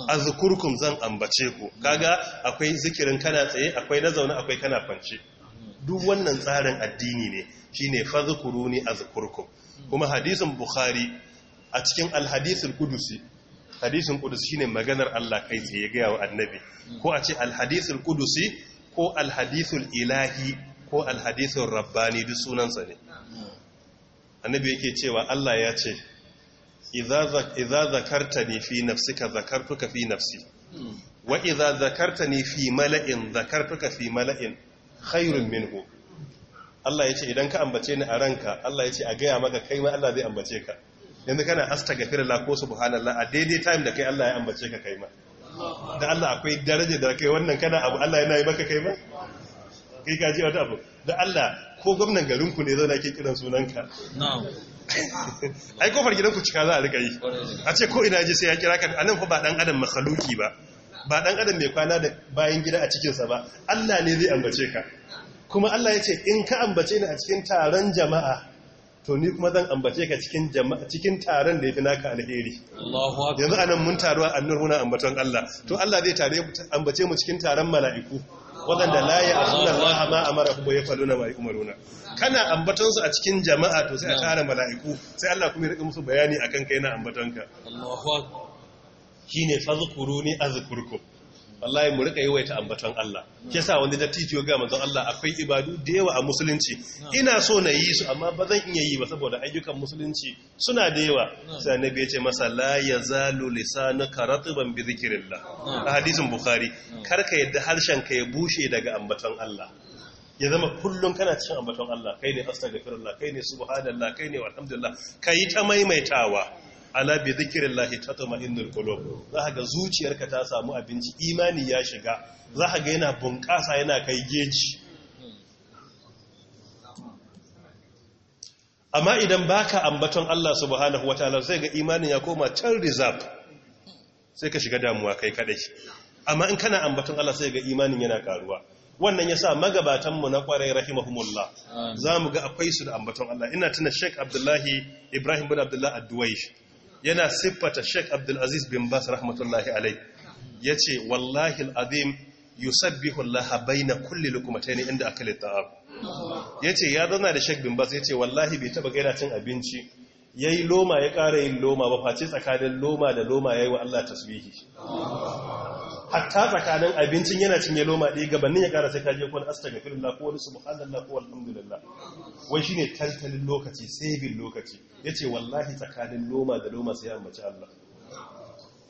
A zukurkun zan ambace ku kaga akwai zikirin kana tsaye akwai na zaune akwai kana kwance duk wannan tsarin addini ne shi ne fa shine ne a zukurkun kuma hadisin bukhari a cikin alhadisul kudusi hadisin kudusi shine maganar Allah kai tsaye gaya wa annabi ko a ce alhadisul kudusi ko alhadisul ilahi ko alhadisul rabbani duk sunansa ne annabi yake cewa Allah ya ce idza zakartani fi nafsika zakartuka fi nafsi wa idza zakartani fi mala'in zakartuka fi mala'in khairun minhu Allah ya ce idan ka ambace ni a ranka Allah ya ce a gaya maka kai ma Allah zai ambace ka yanzu kana Allah ko subhanallah a daidai time da kai Allah ya ambace ka kai ma da Allah akwai daraja da kai wannan kana abu Allah yana yi maka kai ma kai ka ji wata abu da Allah ko gwamnan garin ku ne zauna ke kiran sunanka na'am ai kofar gidan ku cika za a rika yi a ce ko ina ji sai ya kira ka anan fa ba dan adam makhluki ba ba dan adam mai kwana da bayan gida a cikin sa ba Allah ne zai ambace ka kuma Allah ya ce in ka ambace ni a cikin taron jama'a to ni kuma zan ambace ka cikin jama'a, cikin taron da yafi naka alheri yanzu anan mun taru a annur muna ambaton Allah to Allah zai tare ambace mu cikin taron mala'iku waɗanda la ya sunan Allah a mara ku ya faluna mai umaruna kana ambatonsu a cikin jama'a to sai a tara mala'iku sai Allah kuma ya musu bayani akan kai na ka Allahu ne shine fazkuruni azukurku wallahi mu rika yawaita ambaton Allah yasa wani dattijo ga manzon Allah akwai ibadu da yawa a musulunci ina so na yi su amma ba zan iya yi ba saboda ayyukan musulunci suna da yawa sai annabi ya ce masa la yazalu lisanuka ratiban bi zikrillah a hadisin bukhari karka yadda harshen ka ya bushe daga ambaton Allah ya zama kullum kana cikin ambaton Allah kai ne astaghfirullah kai ne subhanallah kai ne walhamdulillah kai ta maimaitawa ala bi zikrillahi tatma'innul qulub za ga zuciyarka ta samu abinci imani ya shiga za ga yana bunƙasa yana kai geji amma idan baka ambaton Allah subhanahu wataala zai ga imanin ya koma can rizab sai ka shiga damuwa kai kadai amma in kana ambaton Allah sai ga imanin yana karuwa wannan yasa magabatan mu na kwarai rahimahumullah zamu ga akwai su da ambaton Allah ina tuna Sheikh Abdullahi Ibrahim bin Abdullah ad yana siffata Sheikh Abdulaziz bin Bas rahmatullahi alai yace wallahi alazim yusabbihu na kulle kulli ne inda aka ta'am yace ya zauna da Sheikh bin Bas ya ce, wallahi bai taba gaira cin abinci Ya yi loma ya ƙara yin loma ba face tsakanin loma da loma ya yi wa Allah taswihi. hatta tsakanin abincin yana cinye loma ɗaya gabanin ya ƙara sai ka je kwan asta ga firin ko wani subhanallah ko alhamdulillah wai shi ne tantalin lokaci saving lokaci ya ce wallahi tsakanin loma da loma sai ambaci Allah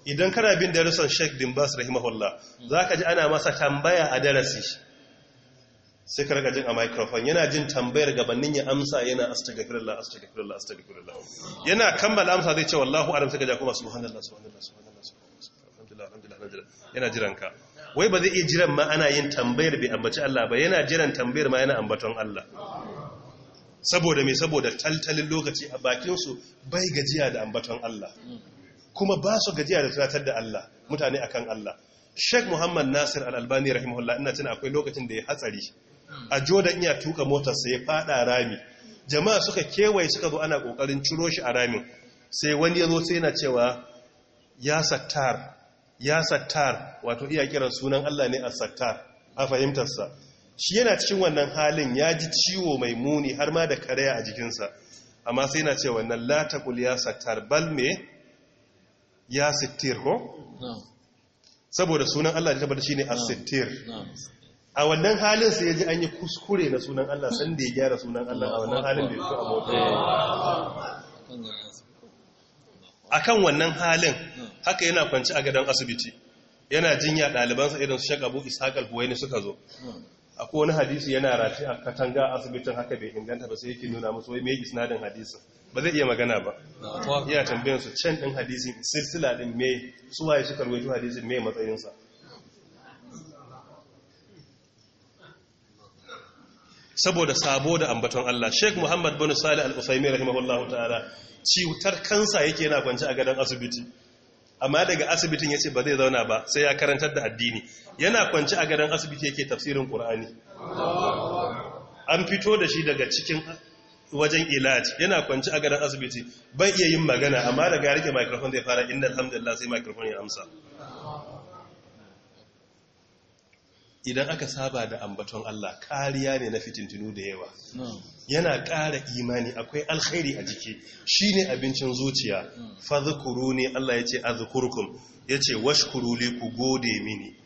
idan kana bin darussan sheik din bas rahimahullah za ka ji ana masa tambaya a darasi sai ka jin a microphone yana jin tambayar gabanin ya amsa yana astagfirullah astagfirullah astagfirullah yana kammala amsa zai ce wallahu sai ka ja kuma yana jiran ka wai ba zai iya jiran ma ana yin tambayar bai ambaci Allah ba yana jiran tambayar ma yana ambaton Allah saboda mai saboda taltalin lokaci a bakinsu bai gajiya da ambaton Allah kuma ba su gajiya da tunatar da Allah mutane akan Allah Sheikh Muhammad Nasir Al-Albani rahimahullah ina tuna akwai lokacin da ya hatsari a Jordan iya tuka motar sai ya fada rami jama'a suka kewaye suka zo ana kokarin ciro shi a ramin sai wani ya zo sai yana cewa ya sattar ya sattar wato iya kiran sunan Allah ne a sattar a fahimtarsa shi yana cikin wannan halin ya ji ciwo mai muni har ma da karaya a jikinsa amma sai yana ce wannan latakul ya sattar bal me ya sittir ko? saboda sunan Allah ta tabbata shi ne a sittir a wannan halin sai ya ji an yi kuskure na sunan Allah sanda ya gyara sunan Allah a wannan halin da ya fi abota eh. akan wannan halin hmm. haka yana kwanci a gadon asibiti yana jinya ɗalibansa idan su shakabu ishaq al-huwaini suka zo hmm. a kowane hadisi yana rafi a katanga a asibitin haka bai inganta ba sai yake nuna musu wai mai isnadin hadisi ba zai iya magana ba hmm. ya tambayin su can din hadisin silsila din su suwaye suka rawaito hadisi mai matsayinsa saboda sabo da ambaton Allah Sheikh Muhammad bin Salih Al-Uthaymeen rahimahullahu ta'ala ciwutar kansa yake yana kwance a gadon asibiti amma daga asibitin yace ba zai zauna ba sai ya karantar da addini yana kwance a gadon asibiti yake tafsirin Qur'ani an fito da shi daga cikin wajen ilaji yana kwanci a gadan asibiti bai iya yin magana amma daga rike microphone zai fara innal hamdulillah sai microphone ya amsa idan aka saba da ambaton Allah kariya ne na fitintunu da yawa yana ƙara imani akwai alkhairi a jiki Shi ne abincin zuciya fadhkuru ne Allah yace azkurkum yace washkuru li ku gode mini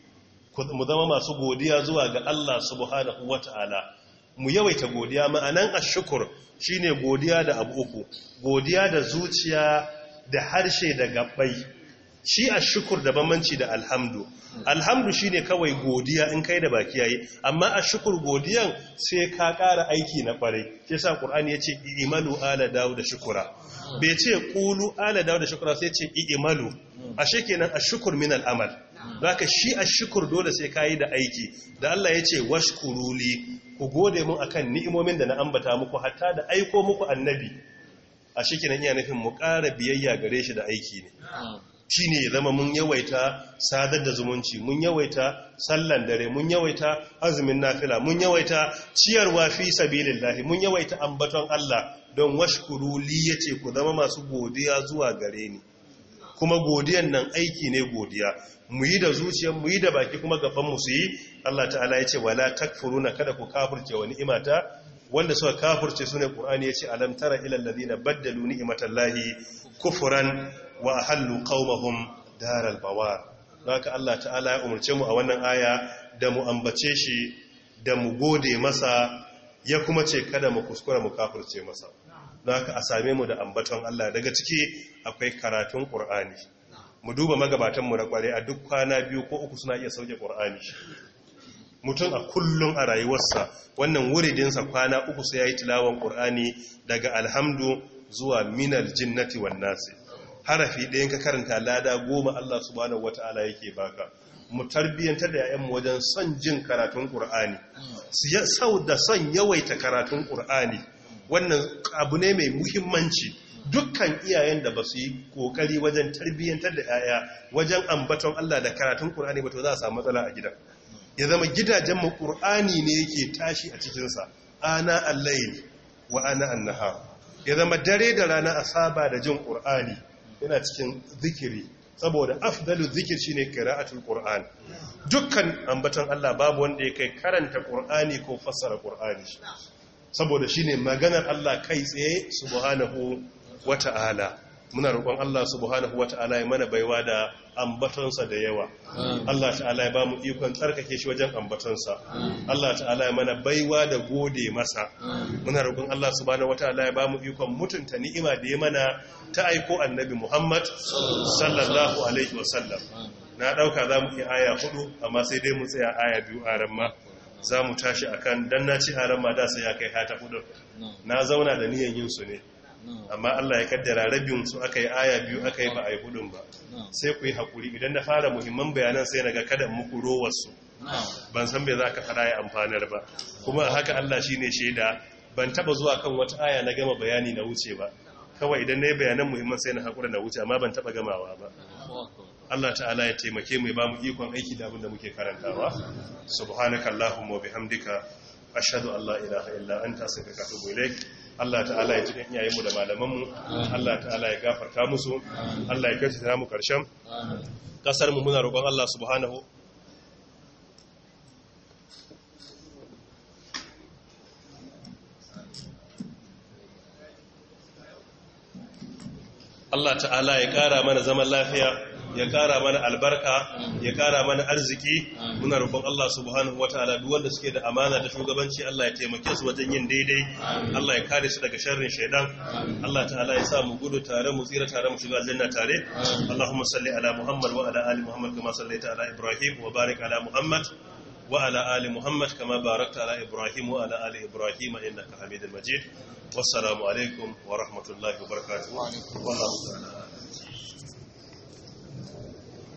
mu zama masu godiya zuwa ga Allah subhanahu Ta'ala. mu yawaita godiya ma'anan shi shine godiya da abu uku godiya da zuciya da harshe da gabbai shi a shukur da bambanci da alhamdu alhamdu shi ne kawai godiya in kai da baki yayi amma a shukur godiyan sai ka ƙara aiki na ƙwarai shi sa ƙur'ani ya ce imalu ala dawo da shukura bai ce ƙulu ala dawo da shukura sai ce imalu a nan a shukur min al'amal za ka shi a shukur dole sai ka yi da aiki da allah ya ce washkuruli ku gode mu akan ni'imomin da na ambata muku hatta da aiko muku annabi a shekenan iya nufin mu ƙara biyayya gare shi da aiki ne shi ne zama mun yawaita sadar da zumunci mun yawaita sallan dare mun yawaita azumin nafila mun yawaita ciyarwa fi sabilillahi mun yawaita ambaton Allah don washkuru li yace ku zama masu godiya zuwa gare ni kuma godiyan nan aiki ne godiya mu yi da zuciyar mu yi da baki kuma gaban mu su yi Allah ta'ala ya ce wala takfuruna kada ku kafirce wa ni'imata wanda suka kafirce sune qur'ani ya alam tara ilal ladina baddalu ni'matallahi Kufuran. wa ahallu qaumahum daral bawar haka Allah ta'ala ya umarce mu a wannan aya da mu ambace shi da mu gode masa ya kuma ce kada mu kuskura mu kafirce masa haka a same mu da ambaton Allah daga ciki akwai karatun ƙur'ani. mu duba magabatan mu da kware a duk kwana biyu ko uku suna iya sauke ƙur'ani. mutum a kullum a rayuwarsa wannan wuridinsa kwana uku sai ya yi tilawan ƙur'ani daga alhamdu zuwa minal jinnati wannan nasi harafi ɗayan ka karanta lada goma Allah subhanahu wata'ala yake baka mu tarbiyyanta da mu wajen son jin karatun Qur'ani sau da son yawaita karatun Qur'ani wannan abu ne mai muhimmanci dukkan iyayen da ba su yi kokari wajen tarbiyyantar da yaya wajen ambaton Allah da karatun Qur'ani ba to za a samu matsala a gidan ya zama gidajen mu Qur'ani ne yake tashi a cikinsa ana al-layl wa ana an-nahar ya zama dare da rana a saba da jin Qur'ani yana cikin zikiri saboda afdalu zikir shine kira'atul qur'an dukkan ambaton Allah babu wanda ya kai karanta qur'ani ko fassara qur'ani saboda shine maganar Allah kai tsaye subhanahu wata'ala muna roƙon Allah subhanahu wa ta'ala ya mana baiwa da ambatonsa da yawa Allah ta'ala ya ba mu ikon tsarkake shi wajen ambatonsa Allah ta'ala ya mana baiwa da gode masa muna roƙon Allah subhanahu wa ya ba mu ikon mutunta ni'ima da ya mana ta aiko annabi Muhammad sallallahu alaihi wasallam na ɗauka za mu iya aya hudu amma sai dai mu tsaya aya biyu a ramma za mu tashi akan dan na ci a ramma da sai ya kai hata hudu na zauna da niyan yin su ne amma Allah ya kaddara rabin su aka yi aya biyu aka yi ba a yi hudun ba sai ku yi haƙuri idan na fara muhimman bayanan sai na ga kada muku rowarsu ban san bai za ka fara ya amfanar ba kuma haka Allah shi ne shaida ban taba zuwa kan wata aya na gama bayani na wuce ba kawai idan na yi bayanan muhimman sai na haƙura na wuce amma ban taba gamawa ba Allah ta'ala ya taimake mu ba mu ikon aiki da abin da muke karantawa subhanakallahumma wa bihamdika ashhadu an la ilaha illa anta astaghfiruka wa Allah ta'ala ya ji iyayen yayinmu da malamanmu. mu Allah ta'ala ya gafarta musu Allah ya kace ta mu ƙarshen. kasar muna roƙon Allah subhanahu Allah ta'ala ya ƙara mana zaman lafiya ya kara mana albarka ya kara mana arziki muna roƙon Allah subhanahu wataala duk wanda suke da amana da shugabanci Allah ya taimake su wajen yin daidai Allah ya kare su daga sharrin shaidan Allah ta'ala ya sa mu gudu tare mu tsira tare mu shiga aljanna tare Allahumma salli ala Muhammad wa ala ali Muhammad kama sallaita ala Ibrahim wa barik ala Muhammad wa ala ali Muhammad kama barakta ala Ibrahim wa ala ali Ibrahim innaka Hamidul Majid wassalamu alaikum wa rahmatullahi wa barakatuh wallahu